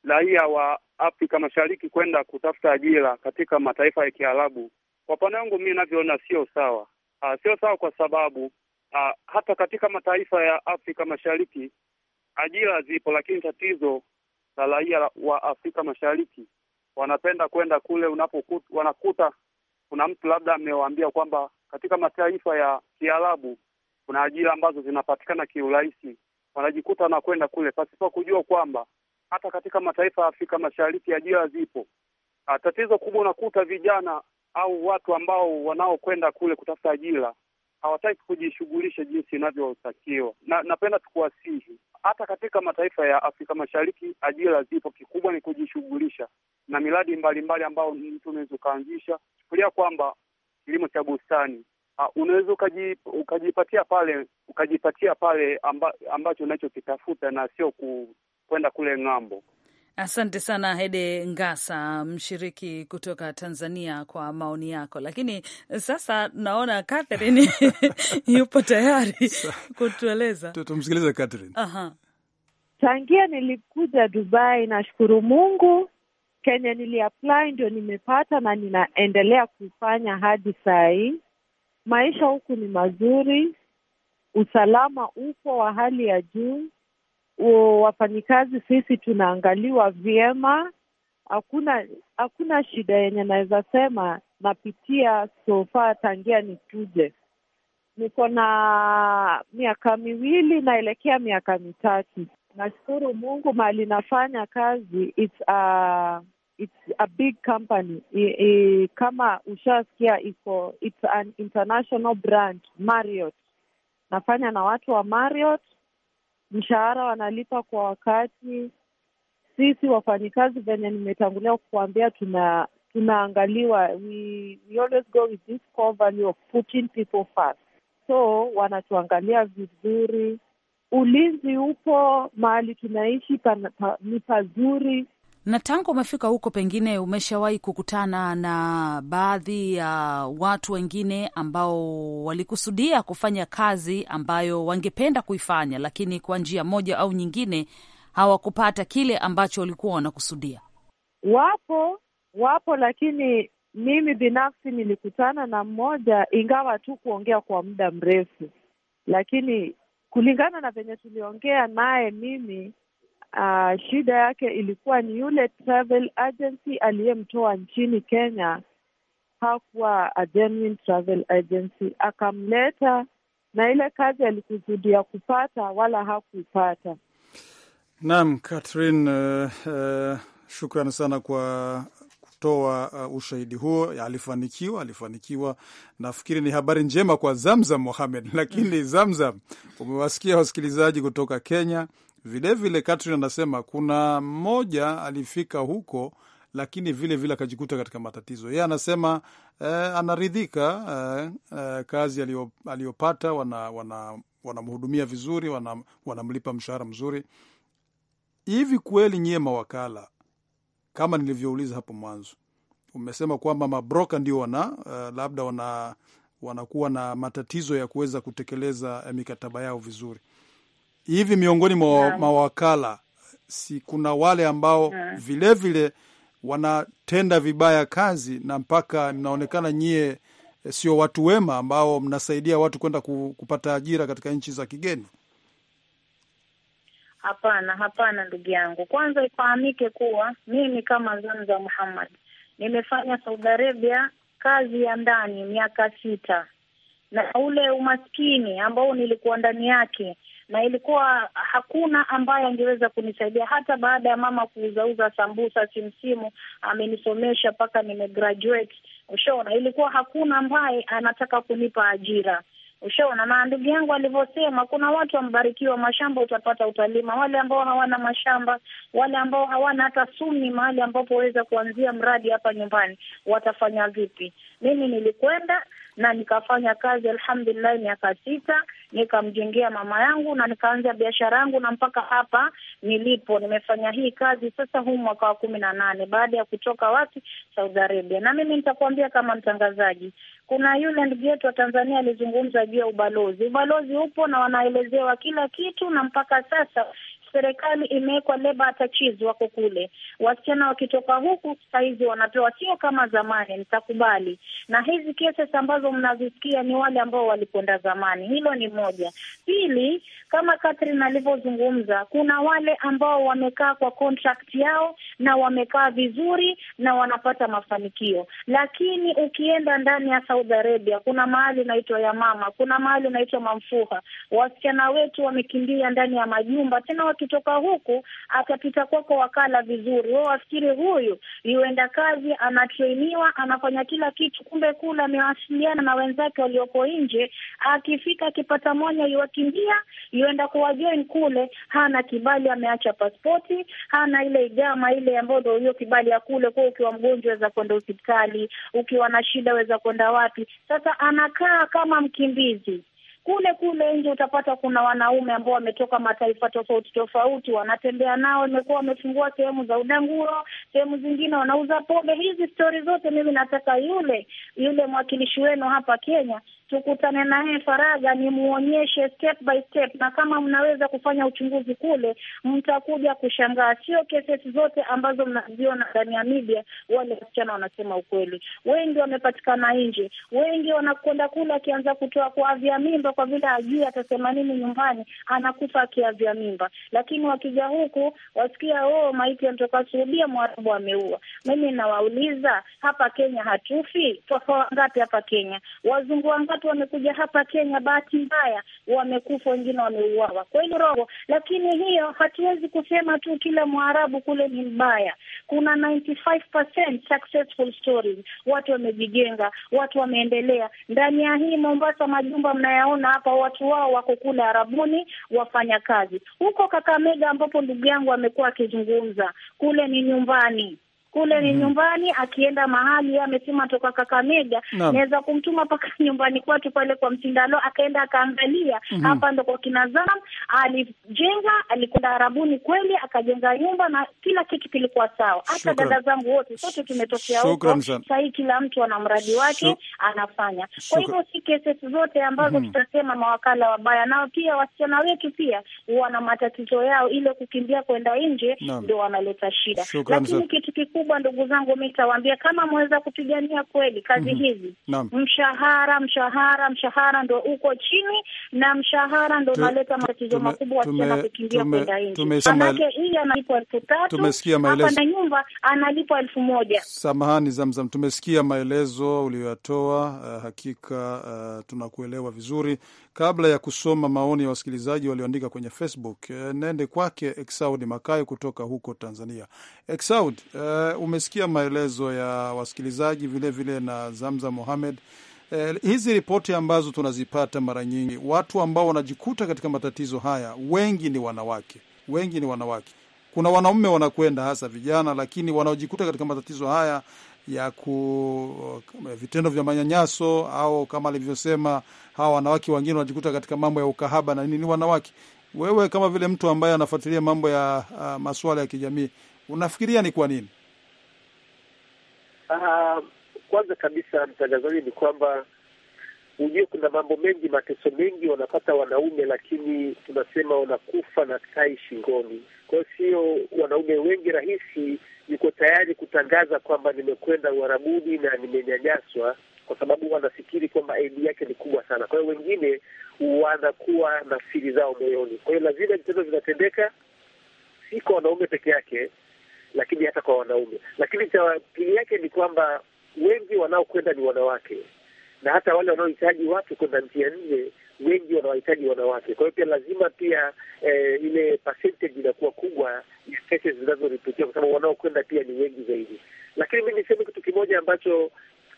Raia wa Afrika Mashariki kwenda kutafuta ajira katika mataifa ya Kiarabu, kwa upande wangu mimi ninavyoona sio sawa. Uh, sio sawa kwa sababu uh, hata katika mataifa ya Afrika Mashariki ajira zipo, lakini tatizo la raia wa Afrika Mashariki wanapenda kwenda kule unapokuta, wanakuta kuna mtu labda amewaambia kwamba katika mataifa ya Kiarabu kuna ajira ambazo zinapatikana kiurahisi, wanajikuta na kwenda kule pasipo kujua kwamba hata katika mataifa ya Afrika Mashariki ajira zipo. Ah, tatizo kubwa unakuta vijana au watu ambao wanaokwenda kule kutafuta ajira hawataki kujishughulisha jinsi inavyotakiwa, na napenda tukuwasihi hata katika mataifa ya Afrika Mashariki ajira zipo, kikubwa ni kujishughulisha na miradi mbalimbali ambayo mtu unaweza ukaanzisha. Chukulia kwamba kilimo cha bustani ah, unaweza ukajipatia pale ukajipatia pale amba, ambacho unachokitafuta na sio kwenda kule ng'ambo. Asante sana Hede Ngasa, mshiriki kutoka Tanzania, kwa maoni yako. Lakini sasa naona Catherine yupo tayari kutueleza. Tumsikilize Catherine. Aha. Tangia nilikuja Dubai, nashukuru Mungu, Kenya niliapply ndio nimepata na ninaendelea kufanya hadi saa hii. Maisha huku ni mazuri, usalama upo wa hali ya juu wafanyikazi sisi tunaangaliwa vyema. Hakuna hakuna shida yenye naweza sema napitia sofa tangia nituje. Niko na miaka miwili naelekea miaka mitatu. Nashukuru Mungu mali nafanya kazi it's a, it's a big company I, I, kama ushasikia iko it's an international brand Marriott. Nafanya na watu wa Marriott mshahara wanalipa kwa wakati. Sisi wafanyikazi, venye nimetangulia kuambia tuna tunaangaliwa, we, we always go with this core value of putting people first, so wanatuangalia vizuri. Ulinzi upo mahali tunaishi, ni pazuri na tangu umefika huko, pengine umeshawahi kukutana na baadhi ya uh, watu wengine ambao walikusudia kufanya kazi ambayo wangependa kuifanya, lakini kwa njia moja au nyingine hawakupata kile ambacho walikuwa wanakusudia? Wapo, wapo, lakini mimi binafsi nilikutana na mmoja, ingawa tu kuongea kwa muda mrefu, lakini kulingana na venye tuliongea naye mimi Uh, shida yake ilikuwa ni yule travel agency aliyemtoa nchini Kenya hakuwa a genuine travel agency, akamleta na ile kazi alikusudia kupata wala hakuipata. Naam, Catherine, uh, uh, shukrani sana kwa kutoa uh, ushahidi huo. Alifanikiwa, alifanikiwa. Nafikiri ni habari njema kwa Zamzam Mohamed. Lakini Zamzam, umewasikia wasikilizaji kutoka Kenya Vilevile Katrin anasema kuna mmoja alifika huko lakini vilevile vile akajikuta katika matatizo. Yeye anasema eh, anaridhika eh, eh, kazi aliyopata, wanamhudumia wana, wana vizuri, wanamlipa wana mshahara mzuri. Hivi kweli nyie mawakala, kama nilivyouliza hapo mwanzo, umesema kwamba mabroka ndio wana eh, labda wana wanakuwa na matatizo ya kuweza kutekeleza mikataba yao vizuri hivi miongoni mwa mawakala si kuna wale ambao vilevile vile wanatenda vibaya kazi na mpaka mnaonekana nyie eh, sio watu wema ambao mnasaidia watu kwenda kupata ajira katika nchi za kigeni? Hapana, hapana ndugu yangu. Kwanza ifahamike kuwa mimi kama Zanza Muhammad nimefanya Saudi Arabia kazi ya ndani miaka sita, na ule umaskini ambao nilikuwa ndani yake na ilikuwa hakuna ambaye angeweza kunisaidia hata baada ya mama kuuzauza sambusa simsimu, amenisomesha mpaka nimegraduate. Ushaona, ilikuwa hakuna ambaye anataka kunipa ajira. Ushaona, na ndugu yangu alivyosema, kuna watu wamebarikiwa mashamba, utapata utalima. Wale ambao hawana mashamba, wale ambao hawana hata sumi mahali ambapo waweza kuanzia mradi hapa nyumbani, watafanya vipi? Mimi nilikwenda na nikafanya kazi, alhamdulillahi miaka sita nikamjengea mama yangu na nikaanza biashara yangu, na mpaka hapa nilipo nimefanya hii kazi sasa huu mwaka wa kumi na nane baada ya kutoka wapi, Saudi Arabia. Na mimi nitakuambia kama mtangazaji, kuna yule ndugu yetu wa Tanzania alizungumza juu ya ubalozi. Ubalozi upo na wanaelezewa kila kitu, na mpaka sasa serikali imewekwa leba atachizi wako kule, wasichana wakitoka huku hizi wanapewa, sio kama zamani, nitakubali. Na hizi kesi ambazo mnazisikia ni wale ambao walikwenda zamani. Hilo ni moja. Pili, kama Catherine alivyozungumza, kuna wale ambao wamekaa kwa contract yao na wamekaa vizuri na wanapata mafanikio, lakini ukienda ndani ya Saudi Arabia kuna mahali ya Yamama, kuna mahali naitwa Mamfuha, wasichana wetu wamekimbia ndani ya majumba tena waki akitoka huku akapita kwako wakala vizuri, wao wafikiri huyu yuenda kazi, anatrainiwa, anafanya kila kitu, kumbe kule amewasiliana na wenzake walioko nje. Akifika akipata mwanya yuwakimbia, yuenda kuwajoin kule, hana kibali, ameacha paspoti, hana ile igama ile ambayo ndo hiyo kibali ya kule. kwao. ukiwa mgonjwa weza kwenda hospitali, ukiwa na shida weza kwenda wapi? Sasa anakaa kama mkimbizi. Kule kule nje utapata kuna wanaume ambao wametoka mataifa tofauti tofauti, wanatembea nao, imekuwa wamefungua sehemu za udanguro, sehemu zingine wanauza pombe. Hizi stori zote mimi nataka yule yule mwakilishi wenu hapa Kenya tukutane naye faraga, nimuonyeshe step by step, na kama mnaweza kufanya uchunguzi kule, mtakuja kushangaa. Sio kesi zote ambazo mnaziona ndani ya media, wale wasichana wanasema ukweli. Wengi wamepatikana nje, wengi wanakwenda kule, akianza kutoa kuavya mimba, kwa vile ajui atasema nini nyumbani, anakufa akiavya mimba. Lakini wakija huku wasikia, oh, maiti ya mwarabu ameua. Mimi nawauliza hapa Kenya hatufi? Twafa wangapi hapa Kenya? wazungu wangapi watu wamekuja hapa Kenya, bahati mbaya wamekufa, wengine wameuawa, kweli roho. Lakini hiyo hatuwezi kusema tu kila Mwarabu kule ni mbaya. Kuna 95% successful stories, watu wamejijenga, watu wameendelea. Ndani ya hii Mombasa, majumba mnayaona hapa, watu wao wako kule Arabuni, wafanya kazi huko Kakamega, ambapo ndugu yangu amekuwa akizungumza, kule ni nyumbani kule ni mm. nyumbani, akienda mahali amesema toka Kakamega, naweza kumtuma mpaka nyumbani kwatu pale kwa Mtindalo, akaenda akaangalia mm -hmm. hapa ndo kwa kinazam alijenga, alikwenda Arabuni kweli akajenga nyumba na kila kitu kilikuwa sawa. Hata dada zangu wote sote tumetokea huko, sahii kila mtu ana mradi wake Shuk anafanya. Kwa hivyo si kesi zote ambazo mm -hmm. tutasema mawakala wabaya, nao pia wasichana wetu pia wana matatizo yao, ile kukimbia kwenda nje ndio wanaleta shida, lakini kitu kikuu kubwa, ndugu zangu, mi tawambia kama mweza kupigania kweli kazi mm -hmm. hizi Naam. mshahara mshahara mshahara ndo uko chini, na mshahara ndo unaleta matatizo makubwa, wasichana kukimbia kwenda nje. Manake hii analipwa elfu tatu hapa na nyumba analipwa elfu moja. Samahani Zamzam, tumesikia maelezo uliyoyatoa. Uh, hakika uh, tunakuelewa vizuri Kabla ya kusoma maoni ya wasikilizaji walioandika kwenye Facebook, eh, nende kwake Exaud Makayo kutoka huko Tanzania. Exaud, uh, umesikia maelezo ya wasikilizaji vilevile vile na Zamza Mohamed. Uh, hizi ripoti ambazo tunazipata mara nyingi, watu ambao wanajikuta katika matatizo haya wengi ni wanawake, wengi ni wanawake. Kuna wanaume wanakwenda hasa vijana, lakini wanaojikuta katika matatizo haya ya ku vitendo vya manyanyaso au kama alivyosema hawa wanawake wengine wanajikuta katika mambo ya ukahaba na nini. Wanawake, wewe kama vile mtu ambaye anafuatilia mambo ya uh, masuala ya kijamii unafikiria ni kwa nini? Uh, kwanza kabisa mtangazaji, ni kwamba Hujue kuna mambo mengi, mateso mengi wanapata wanaume, lakini tunasema wanakufa na tai shingoni. Kwa hiyo sio wanaume wengi rahisi yuko tayari kutangaza kwamba nimekwenda uharabuni na nimenyanyaswa, kwa sababu wanafikiri kwamba aidi yake ni kubwa sana. Kwa hiyo wengine wanakuwa na siri zao moyoni. Kwa hiyo lazima vitendo vinatendeka, si kwa wanaume peke yake, lakini hata kwa wanaume. Lakini cha pili yake ni kwamba wengi wanaokwenda ni wanawake na hata wale wanaohitaji watu kwenda njia nje, wengi wanawahitaji wanawake. Kwa hiyo pia lazima pia eh, ile percentage inakuwa kubwa ya kesi zinazoripotiwa, kwa sababu wanaokwenda pia ni wengi zaidi. Lakini mi niseme kitu kimoja ambacho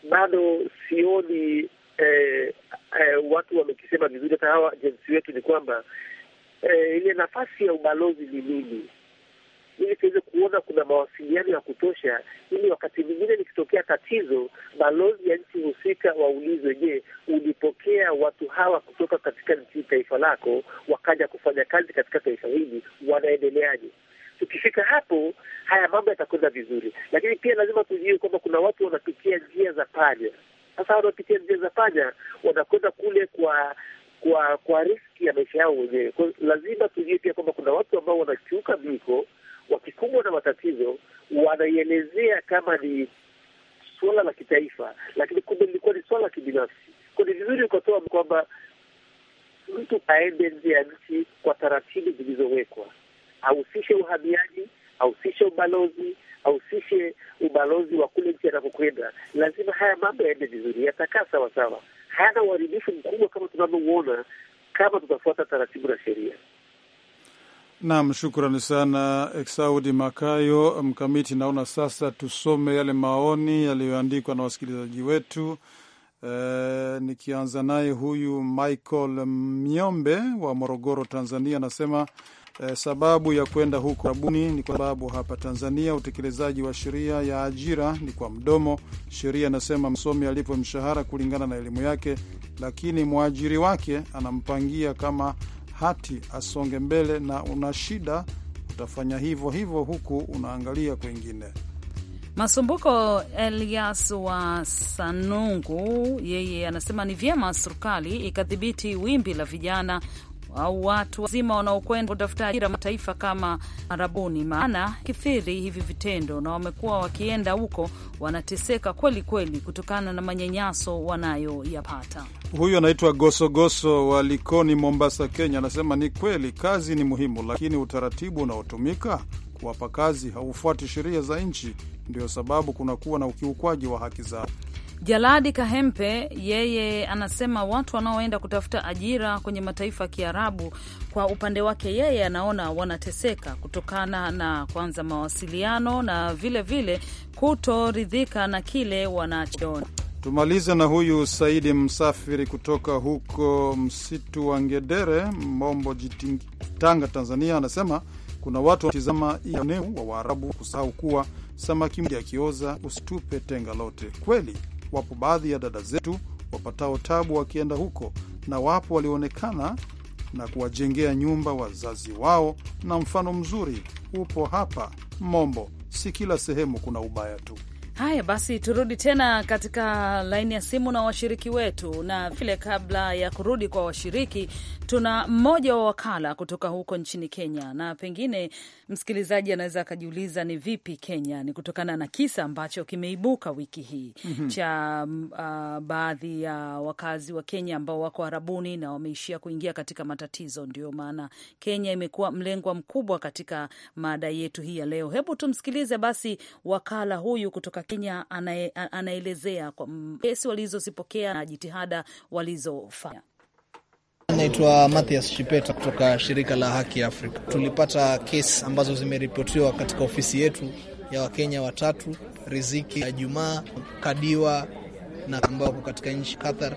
bado sioni eh, eh, watu wamekisema vizuri, hata hawa jensi wetu, ni kwamba eh, ile nafasi ya ubalozi ni nini? ili tuweze kuona kuna mawasiliano ya kutosha, ili wakati mwingine likitokea tatizo, balozi ya nchi husika waulizwe, je, ulipokea watu hawa kutoka katika nchi taifa lako wakaja kufanya kazi katika taifa hili, wanaendeleaje? Tukifika hapo, haya mambo yatakwenda vizuri, lakini pia lazima tujue kwamba kuna watu wanapitia njia za panya. Sasa wanapitia njia za panya, wanakwenda kule kwa kwa kwa riski ya maisha yao wenyewe. Lazima tujue pia kwamba kuna watu ambao wanakiuka miko wakikumbwa na matatizo wanaielezea kama ni suala la kitaifa, lakini kumbe lilikuwa ni suala la kibinafsi. Kwa ni vizuri ukatoa kwamba mtu aende nje ya nchi kwa taratibu zilizowekwa, ahusishe uhamiaji, ahusishe ubalozi, ahusishe ubalozi wa kule nchi anapokwenda. Lazima haya mambo yaende vizuri, yatakaa sawasawa, hayana uharibifu mkubwa kama tunavyouona kama tutafuata taratibu na sheria. Nam, shukrani sana Exaudi Makayo Mkamiti. Naona sasa tusome yale maoni yaliyoandikwa na wasikilizaji wetu. E, nikianza naye huyu Michael Myombe wa Morogoro, Tanzania, anasema e, sababu ya kwenda huko karibuni ni kwa sababu hapa Tanzania utekelezaji wa sheria ya ajira ni kwa mdomo. Sheria inasema msomi alipo mshahara kulingana na elimu yake, lakini mwajiri wake anampangia kama hati asonge mbele na una shida, utafanya hivyo hivyo huku unaangalia kwengine. Masumbuko Elias wa Sanungu yeye anasema ni vyema serikali ikadhibiti wimbi la vijana au watu wazima wanaokwenda kutafuta ajira mataifa kama Arabuni, maana kithiri hivi vitendo na wamekuwa wakienda huko wanateseka kweli kweli kutokana na manyanyaso wanayoyapata. Huyu anaitwa Gosogoso wa Likoni, Mombasa, Kenya, anasema ni kweli kazi ni muhimu, lakini utaratibu unaotumika kuwapa kazi haufuati sheria za nchi, ndio sababu kunakuwa na ukiukwaji wa haki zao. Jaladi Kahempe yeye anasema watu wanaoenda kutafuta ajira kwenye mataifa ya Kiarabu kwa upande wake yeye anaona wanateseka kutokana na kwanza mawasiliano na vilevile kutoridhika na kile wanachoona. Tumalize na huyu Saidi Msafiri kutoka huko msitu wa Ngedere, Mombo jitanga Tanzania, anasema kuna watu wanatizama ianeu wa Waarabu kusahau kuwa samaki mmoja akioza usitupe tenga lote. Kweli Wapo baadhi ya dada zetu wapatao tabu wakienda huko, na wapo walioonekana na kuwajengea nyumba wazazi wao, na mfano mzuri upo hapa Mombo. Si kila sehemu kuna ubaya tu. Haya basi, turudi tena katika laini ya simu na washiriki wetu, na vile kabla ya kurudi kwa washiriki, tuna mmoja wa wakala kutoka huko nchini Kenya, na pengine msikilizaji anaweza akajiuliza ni vipi Kenya. Ni kutokana na kisa ambacho kimeibuka wiki hii mm -hmm. cha uh, baadhi ya uh, wakazi wa Kenya ambao wako arabuni na wameishia kuingia katika matatizo. Ndio maana Kenya imekuwa mlengwa mkubwa katika mada yetu hii ya leo. Hebu tumsikilize basi wakala huyu kutoka Kenya anae, anaelezea kwa kesi walizozipokea na jitihada walizofanya. Naitwa Mathias Shipeta kutoka shirika la Haki Afrika. Tulipata kesi ambazo zimeripotiwa katika ofisi yetu ya Wakenya watatu, Riziki ya Jumaa Kadiwa na ambao wako katika nchi Qatar,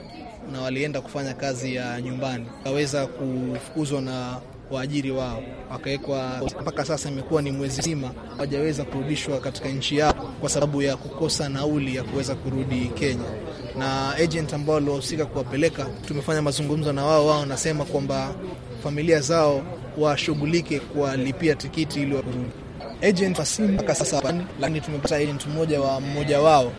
na walienda kufanya kazi ya nyumbani, waweza kufukuzwa na waajiri wao, wakawekwa. Mpaka sasa imekuwa ni mwezi mzima hawajaweza kurudishwa katika nchi yao kwa sababu ya kukosa nauli ya kuweza kurudi Kenya. Na agent ambao waliohusika kuwapeleka, tumefanya mazungumzo na wao, wao wanasema kwamba familia zao washughulike kuwalipia tikiti ili warudi. Agent mpaka sasa, lakini tumepata agent mmoja wa mmoja wao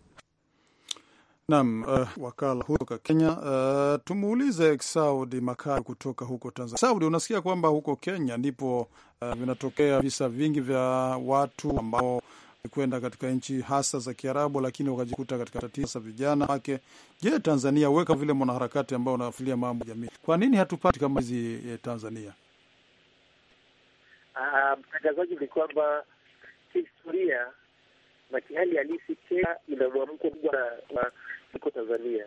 Naam, uh, wakala kutoka Kenya. Uh, tumuulize Saudi Makari kutoka huko Tanzania. Saudi, unasikia kwamba huko Kenya ndipo uh, vinatokea visa vingi vya watu ambao kwenda katika nchi hasa za Kiarabu, lakini wakajikuta katika tatizo vijana wake. Je, Tanzania weka vile mwanaharakati ambao unafilia mambo jamii, kwa nini hatupati kama hizi eh, Tanzania? Ah, mtangazaji, ni kwamba historia na kihali halisi Kenya ina mwamko mkubwa kuliko Tanzania.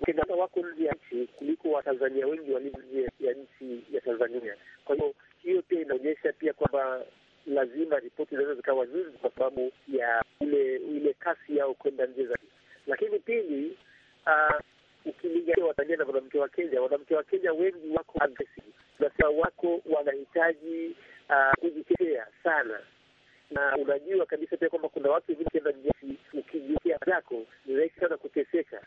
Wakenya wako nje ya nchi kuliko Watanzania wengi walio nje ya nchi ya Tanzania. Kwa hiyo hiyo pia inaonyesha pia kwamba lazima ripoti zinaweza zikawa nyingi kwa sababu ya ile ile kasi yao kwenda nje za. Lakini pili, uh, ukilinganisha Watanzania na mwanamke wa Kenya, wanamke wa Kenya wengi wako aggressive, nasema wako wanahitaji uh, kujitetea sana na unajua kabisa pia kwamba kuna watu wengine ukienda zako Mas aí isso que acontecer, cara.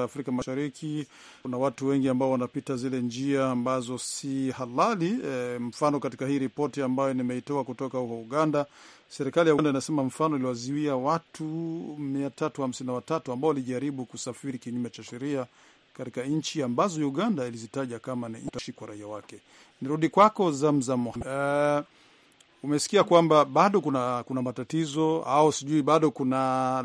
za Afrika Mashariki kuna watu wengi ambao wanapita zile njia ambazo si halali. E, mfano katika hii ripoti ambayo nimeitoa kutoka huko Uganda, serikali ya Uganda inasema mfano iliwazuia watu mia tatu hamsini na watatu ambao walijaribu kusafiri kinyume cha sheria katika nchi ambazo Uganda ilizitaja kama ni nchi kwa raia wake. Nirudi kwako Zamzam. Uh, umesikia kwamba bado kuna kuna matatizo au sijui bado kuna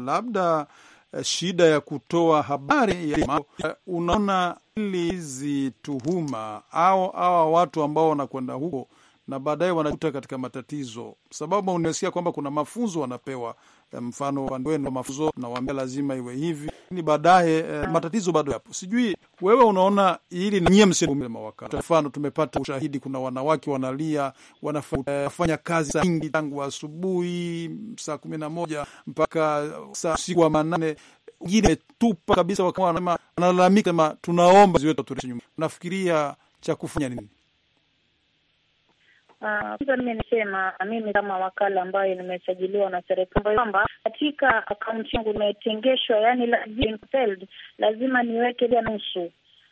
labda Eh, shida ya kutoa habari ya eh, unaona, ili hizi tuhuma au hawa watu ambao wanakwenda huko na baadaye wanajuta katika matatizo, sababu unasikia kwamba kuna mafunzo wanapewa Eh, mfano upande wenu wa mafunzo nawaambia lazima iwe hivi, lakini baadaye eh, matatizo bado yapo. Sijui wewe unaona hili na nyie msile mawakala. Mfano tumepata ushahidi, kuna wanawake wanalia, wanafanya eh, kazi saa nyingi tangu asubuhi saa kumi na moja mpaka saa usiku wa manane wengine tupa kabisa, wanalalamika sema, tunaomba ziwetu tureshe nyuma. Unafikiria cha kufanya nini? Ah, kwanza mimi nisema mimi kama wakala ambayo nimesajiliwa na serikali kwamba katika akaunti yangu imetengeshwa, yani lazima niweke ya nusu.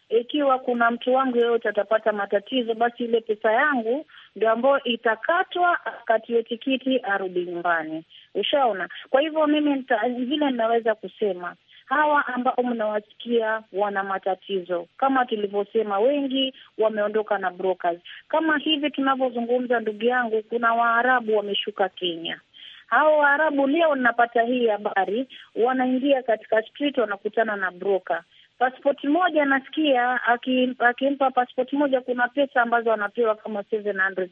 Ikiwa kuna mtu wangu yeyote atapata matatizo, basi ile pesa yangu ndio ambayo itakatwa, akatiwe tikiti, arudi nyumbani. Ushaona? Kwa hivyo mimi nita, vile ninaweza kusema hawa ambao mnawasikia wana matatizo. Kama tulivyosema, wengi wameondoka na brokers. Kama hivi tunavyozungumza, ndugu yangu, kuna Waarabu wameshuka Kenya. Hawa Waarabu leo ninapata hii habari, wanaingia katika street, wanakutana na broker paspoti moja nasikia akimpa, aki paspoti moja, kuna pesa ambazo anapewa kama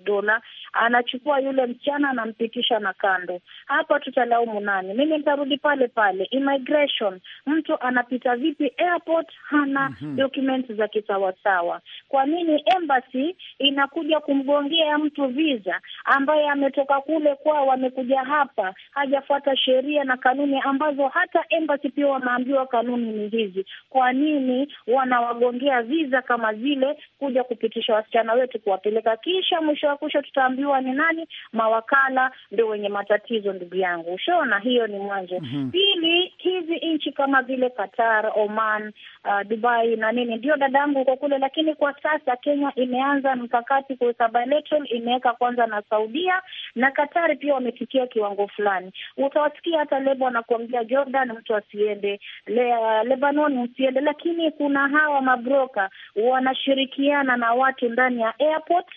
dola, anachukua yule mchana anampitisha na kando. Hapa tutalaumu nani? Mimi nitarudi pale pale immigration. Mtu anapita vipi airport, hana mm -hmm. document za kisawasawa? Kwa nini embassy inakuja kumgongea mtu visa ambaye ametoka kule kwao, amekuja hapa, hajafuata sheria na kanuni ambazo hata embassy pia wameambiwa kanuni ni hizi kwa nini wanawagongea viza kama zile kuja kupitisha wasichana wetu kuwapeleka, kisha mwisho wa kusho tutaambiwa ni nani? Mawakala ndio wenye matatizo, ndugu yangu. Ushaona, hiyo ni mwanzo. mm -hmm. Pili, hizi nchi kama vile Qatar, Oman, uh, Dubai na nini, ndio dadangu huko kule, lakini kwa sasa Kenya imeanza mkakati kuweka bilateral, imeweka kwanza na Saudia na Qatar pia wamefikia kiwango fulani. Utawasikia hata lebo anakuambia Jordan mtu asiende, Le, Lebanon usiende lakini kuna hawa mabroka wanashirikiana na watu ndani ya airport.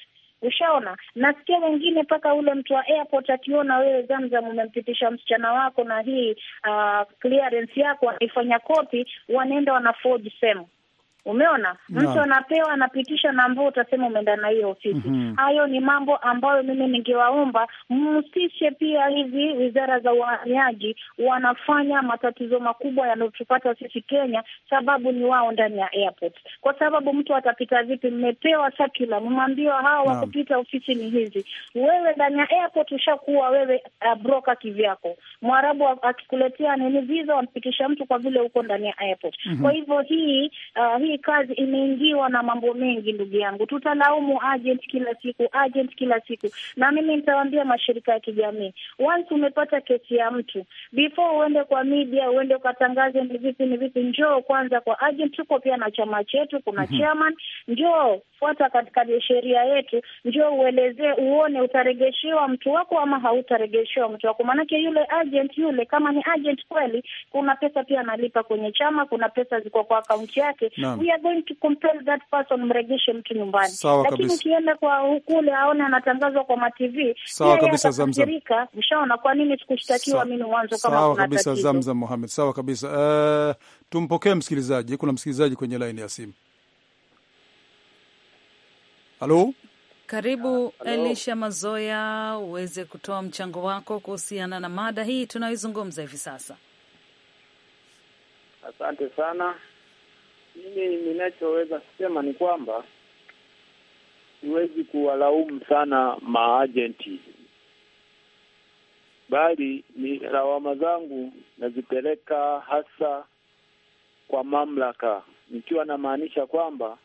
Ushaona, nasikia wengine mpaka ule mtu wa airport akiona wewe Zamzam umempitisha msichana wako na hii uh, clearance yako, anaifanya kopi, wanaenda wanaforge sehemu Umeona mtu anapewa anapitisha na ambao utasema umeenda na hiyo ofisi. mm hayo Ni mambo ambayo mimi ningewaomba mhusishe pia hizi wizara za uhamiaji, wanafanya matatizo makubwa yanayotupata sisi Kenya, sababu ni wao ndani ya airport. Kwa sababu mtu atapita vipi? Mmepewa sakila, mmwambiwa hawa wakupita ofisi ni hizi. Wewe ndani ya airport ushakuwa wewe uh, broka kivyako. Mwarabu akikuletea nini visa, wampitisha mtu kwa vile uko ndani ya airport. mm -hmm. Kwa hivyo hii, uh, hii hii kazi imeingiwa na mambo mengi, ndugu yangu. Tutalaumu agent kila siku, agent kila siku, na mimi nitawaambia mashirika ya kijamii, once umepata kesi ya mtu, before uende kwa media, uende ukatangaze ni vipi ni vipi, njoo kwanza kwa agent. Tuko pia na chama chetu, kuna mm -hmm. chairman, njoo fuata katika sheria yetu, njoo uelezee, uone utaregeshewa mtu wako ama hautaregeshewa mtu wako, maanake yule agent yule, kama ni agent kweli, kuna pesa pia analipa kwenye chama, kuna pesa ziko kwa akaunti yake we are going to compel that person, mregeshe mtu nyumbani. Sawa kabisa. Lakini ukienda kwa hukule aone anatangazwa kwa matv, sawa kabisa Zamzam, ushaona kwa nini sikushtakiwa mimi mwanzo kama Sawa kabisa Zamzam Mohamed, sawa kabisa. Uh, tumpokee msikilizaji, kuna msikilizaji kwenye line ya simu. Halo, karibu uh, Elisha Mazoya, uweze kutoa mchango wako kuhusiana na mada hii tunayoizungumza hivi sasa. Asante sana mimi ninachoweza kusema ni kwamba siwezi kuwalaumu sana maajenti, bali ni lawama zangu nazipeleka hasa kwa mamlaka, nikiwa namaanisha kwamba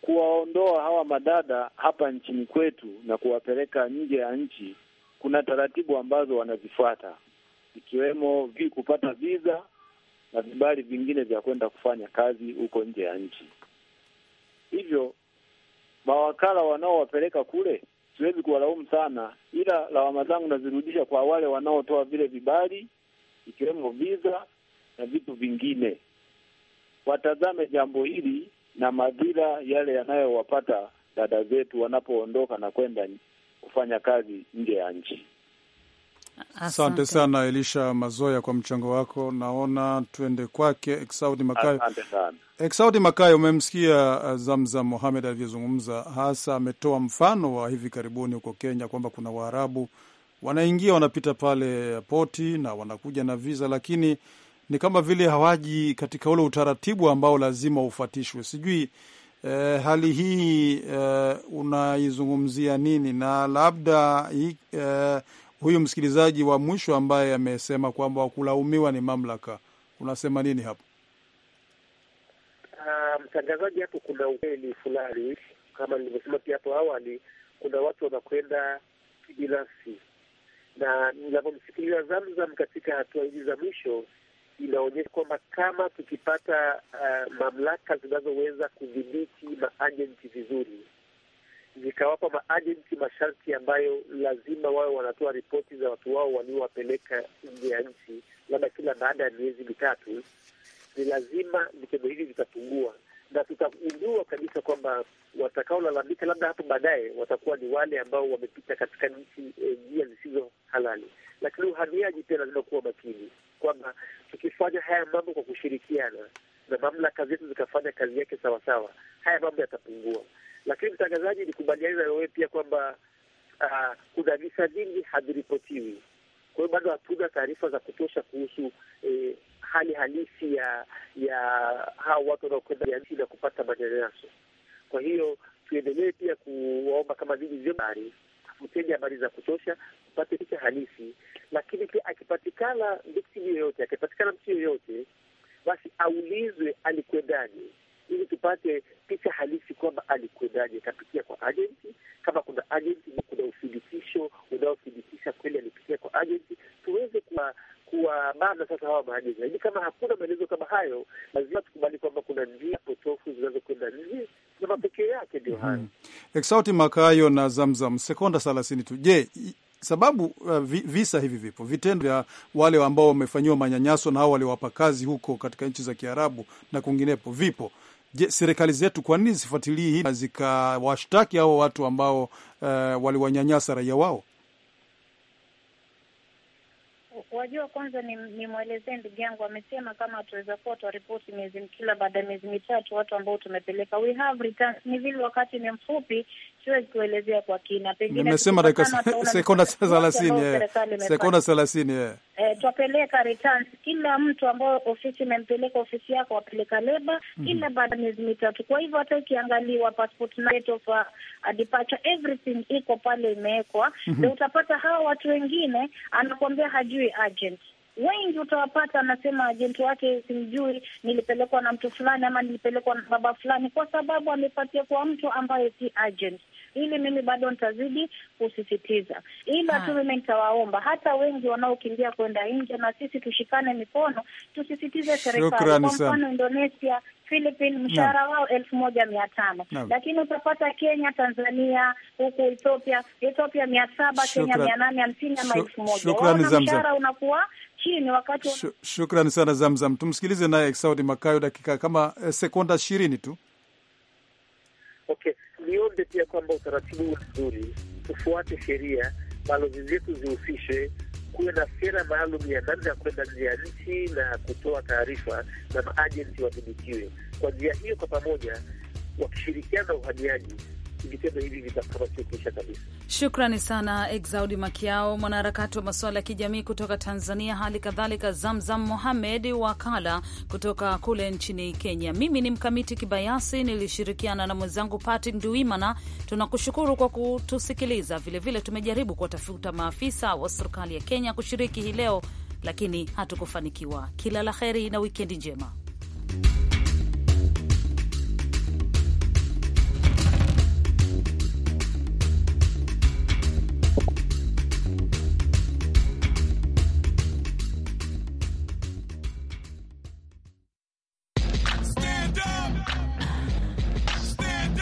kuwaondoa hawa madada hapa nchini kwetu na kuwapeleka nje ya nchi, kuna taratibu ambazo wanazifuata ikiwemo vi kupata visa na vibali vingine vya kwenda kufanya kazi huko nje ya nchi. Hivyo mawakala wanaowapeleka kule siwezi kuwalaumu sana, ila lawama zangu nazirudisha kwa wale wanaotoa vile vibali, ikiwemo visa na vitu vingine. Watazame jambo hili na madhira yale yanayowapata dada zetu wanapoondoka na kwenda kufanya kazi nje ya nchi. Asante sana Elisha Mazoya kwa mchango wako. Naona tuende kwake Exaudi Makayo. Exaudi Makayo, umemsikia uh, Zamzam Mohamed alivyozungumza, hasa ametoa mfano wa hivi karibuni huko Kenya kwamba kuna Waarabu wanaingia wanapita pale poti na wanakuja na viza, lakini ni kama vile hawaji katika ule utaratibu ambao lazima ufuatishwe. Sijui eh, hali hii eh, unaizungumzia nini na labda eh, huyu msikilizaji wa mwisho ambaye amesema kwamba wakulaumiwa ni mamlaka, unasema nini hapo? Uh, mtangazaji, hapo kuna ukweli fulani, kama nilivyosema pia hapo awali, kuna watu wanakwenda kibinafsi, na ninavyomsikiliza Zamzam katika hatua hizi za mwisho inaonyesha kwamba kama tukipata uh, mamlaka zinazoweza kudhibiti maajenti vizuri zikawapa maajenti masharti ambayo lazima wawe wanatoa ripoti za watu wao waliowapeleka nje ya nchi, labda kila baada ya miezi mitatu. Ni lazima vitendo hivi vitapungua, na tutagundua kabisa kwamba watakaolalamika labda hapo baadaye watakuwa ni wale ambao wamepita katika nchi e, njia e, zisizo halali. Lakini uhamiaji pia lazima kuwa makini kwamba tukifanya haya mambo kwa kushirikiana na mamlaka zetu zikafanya kazi yake sawasawa, haya mambo yatapungua. Lakini mtangazaji, nikubaliana na wewe pia kwamba uh, ah, kuna visa vingi haviripotiwi. Kwa hiyo bado hatuna taarifa za kutosha kuhusu eh, hali halisi ya ya hao watu wanaokwenda nchi na kupata manyanyaso. Kwa hiyo tuendelee pia kuwaomba kama vili vyombo, tafuteni habari za kutosha, upate picha halisi. Lakini pia akipatikana victim yoyote, akipatikana mtu yoyote, basi aulizwe alikwendaje ili tupate picha halisi kwamba alikwendaje. kapitia kwa ajenti, kama kuna ajenti, kuna uthibitisho unaothibitisha kweli alipitia kwa ajenti, tuweze kuwa kuwabana sasa hawa maajenti. Lakini kama hakuna maelezo kama hayo, lazima tukubali kwamba kuna njia potofu zinazokwenda nje na mapekee yake ndio hmm. hayo. hmm. Exauti Makayo na Zamzam, sekonda thelathini tu. Je, sababu uh, visa hivi vipo, vitendo vya wale ambao wamefanyiwa manyanyaso na hao waliowapa kazi huko katika nchi za Kiarabu na kwinginepo vipo. Je, serikali zetu kwa nini zifuatilii hii na zikawashtaki hao watu ambao uh, waliwanyanyasa raia wao? Wajua, kwanza nimwelezee ni ndugu yangu amesema kama tuweza kuwa twaripoti miezi kila baada ya miezi mitatu watu ambao tumepeleka, we have returns. Ni vile wakati ni mfupi, siwezi kuelezea kwa kina, pengine nimesema dakika sekonda thelathini eh. sekonda thelathini eh. Eh, Twapeleka returns kila mtu ambao ofisi imempeleka ofisi yako, wapeleka leba mhm. kila baada ya miezi mitatu. Kwa hivyo hata ikiangaliwa passport na date of uh, uh, departure everything iko pale imewekwa, mhm. na utapata hawa watu wengine anakuambia hajui agent wengi utawapata, anasema ajenti wake simjui, nilipelekwa na mtu fulani ama nilipelekwa na baba fulani, kwa sababu amepatia kwa mtu ambaye si agent ili mimi bado nitazidi kusisitiza, ila tu mimi nitawaomba hata wengi wanaokimbia kwenda nje, na sisi tushikane mikono, tusisitize serikali. Kwa mfano Indonesia, Philippines mshahara wao elfu moja mia tano lakini utapata Kenya, Tanzania, huku Ethiopia, Ethiopia mia saba Kenya mia nane hamsini ama elfu moja mshahara unakuwa chini wakati wa... Shukrani sana Zamzam, tumsikilize naye saudi Makayo dakika kama eh, sekonda ishirini tu okay niombe pia kwamba utaratibu mzuri, tufuate sheria, balozi zetu zihusishe, kuwe na sera maalum ya namna ya kwenda nje ya nchi na kutoa taarifa, na maajenti wadhibitiwe. Kwa njia hiyo, kwa pamoja wakishirikiana na uhamiaji vitendo hivi vitakamatisha kabisa. Shukrani sana Exaudi Makiao, mwanaharakati wa masuala ya kijamii kutoka Tanzania, hali kadhalika Zamzam Mohamed wakala kutoka kule nchini Kenya. Mimi ni Mkamiti Kibayasi, nilishirikiana na mwenzangu Patrick Nduimana. Tunakushukuru kwa kutusikiliza. Vilevile tumejaribu kuwatafuta maafisa wa serikali ya Kenya kushiriki hii leo, lakini hatukufanikiwa. Kila la heri na wikendi njema.